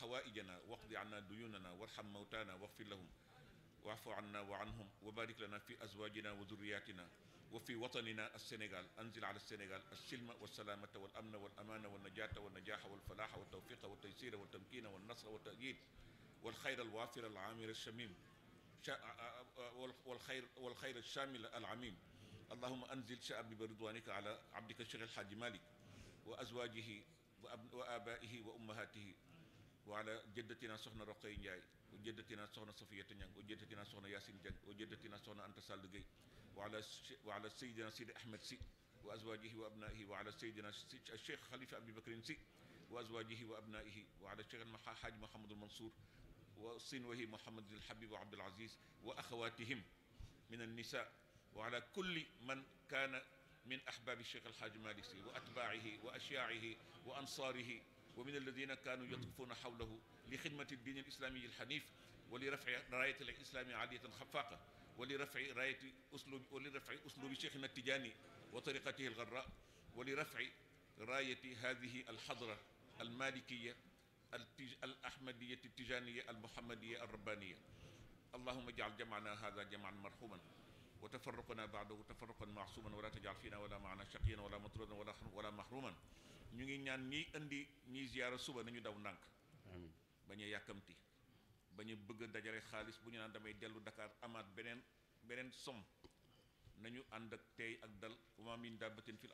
حوائجنا واقض عنا ديوننا وارحم موتانا واغفر لهم واعف عنا وعنهم وبارك لنا في أزواجنا وذرياتنا وفي وطننا السنغال أنزل على السنغال السلم والسلامة والأمن والأمان والنجاة والنجاح والفلاح والتوفيق والتيسير والتمكين والنصر والتأييد والخير الوافر العامر الشميم والخير والخير الشامل العميم اللهم أنزل شأب برضوانك على عبدك الشيخ الحاج مالك وأزواجه وآبائه وأمهاته وعلى جدتنا سخنة رقي جاي وجدتنا سخنة صفية جاي وجدتنا سخنة ياسين جاي وجدتنا سخنة أنت سال وعلى وعلى سيدنا سيد احمد سي وازواجه وابنائه وعلى سيدنا الشيخ خليفه ابي بكر سي وازواجه وابنائه وعلى الشيخ الحاج محمد المنصور وصنوه محمد الحبيب وعبد العزيز واخواتهم من النساء وعلى كل من كان من احباب الشيخ الحاج سي واتباعه واشياعه وانصاره ومن الذين كانوا يطوفون حوله لخدمه الدين الاسلامي الحنيف ولرفع رايه الاسلام عاليه خفاقه ولرفع راية أسلوب ولرفع أسلوب شيخنا التجاني وطريقته الغراء ولرفع راية هذه الحضرة المالكية الأحمدية التجانية المحمدية الربانية اللهم اجعل جمعنا هذا جمعا مرحوما وتفرقنا بعده تفرقا معصوما ولا تجعل فينا ولا معنا شقيا ولا مطردا ولا ولا محروما ñu ngi ñaan ñiy indi ñiy ziyaara suba nañu daw ndànk bañ a bañ a bëgg a dajale xaalis bu ñu naan damay dellu Dakar amaat beneen beneen somme nañu ànd ak tey ak dal wa maa min daabbatin fil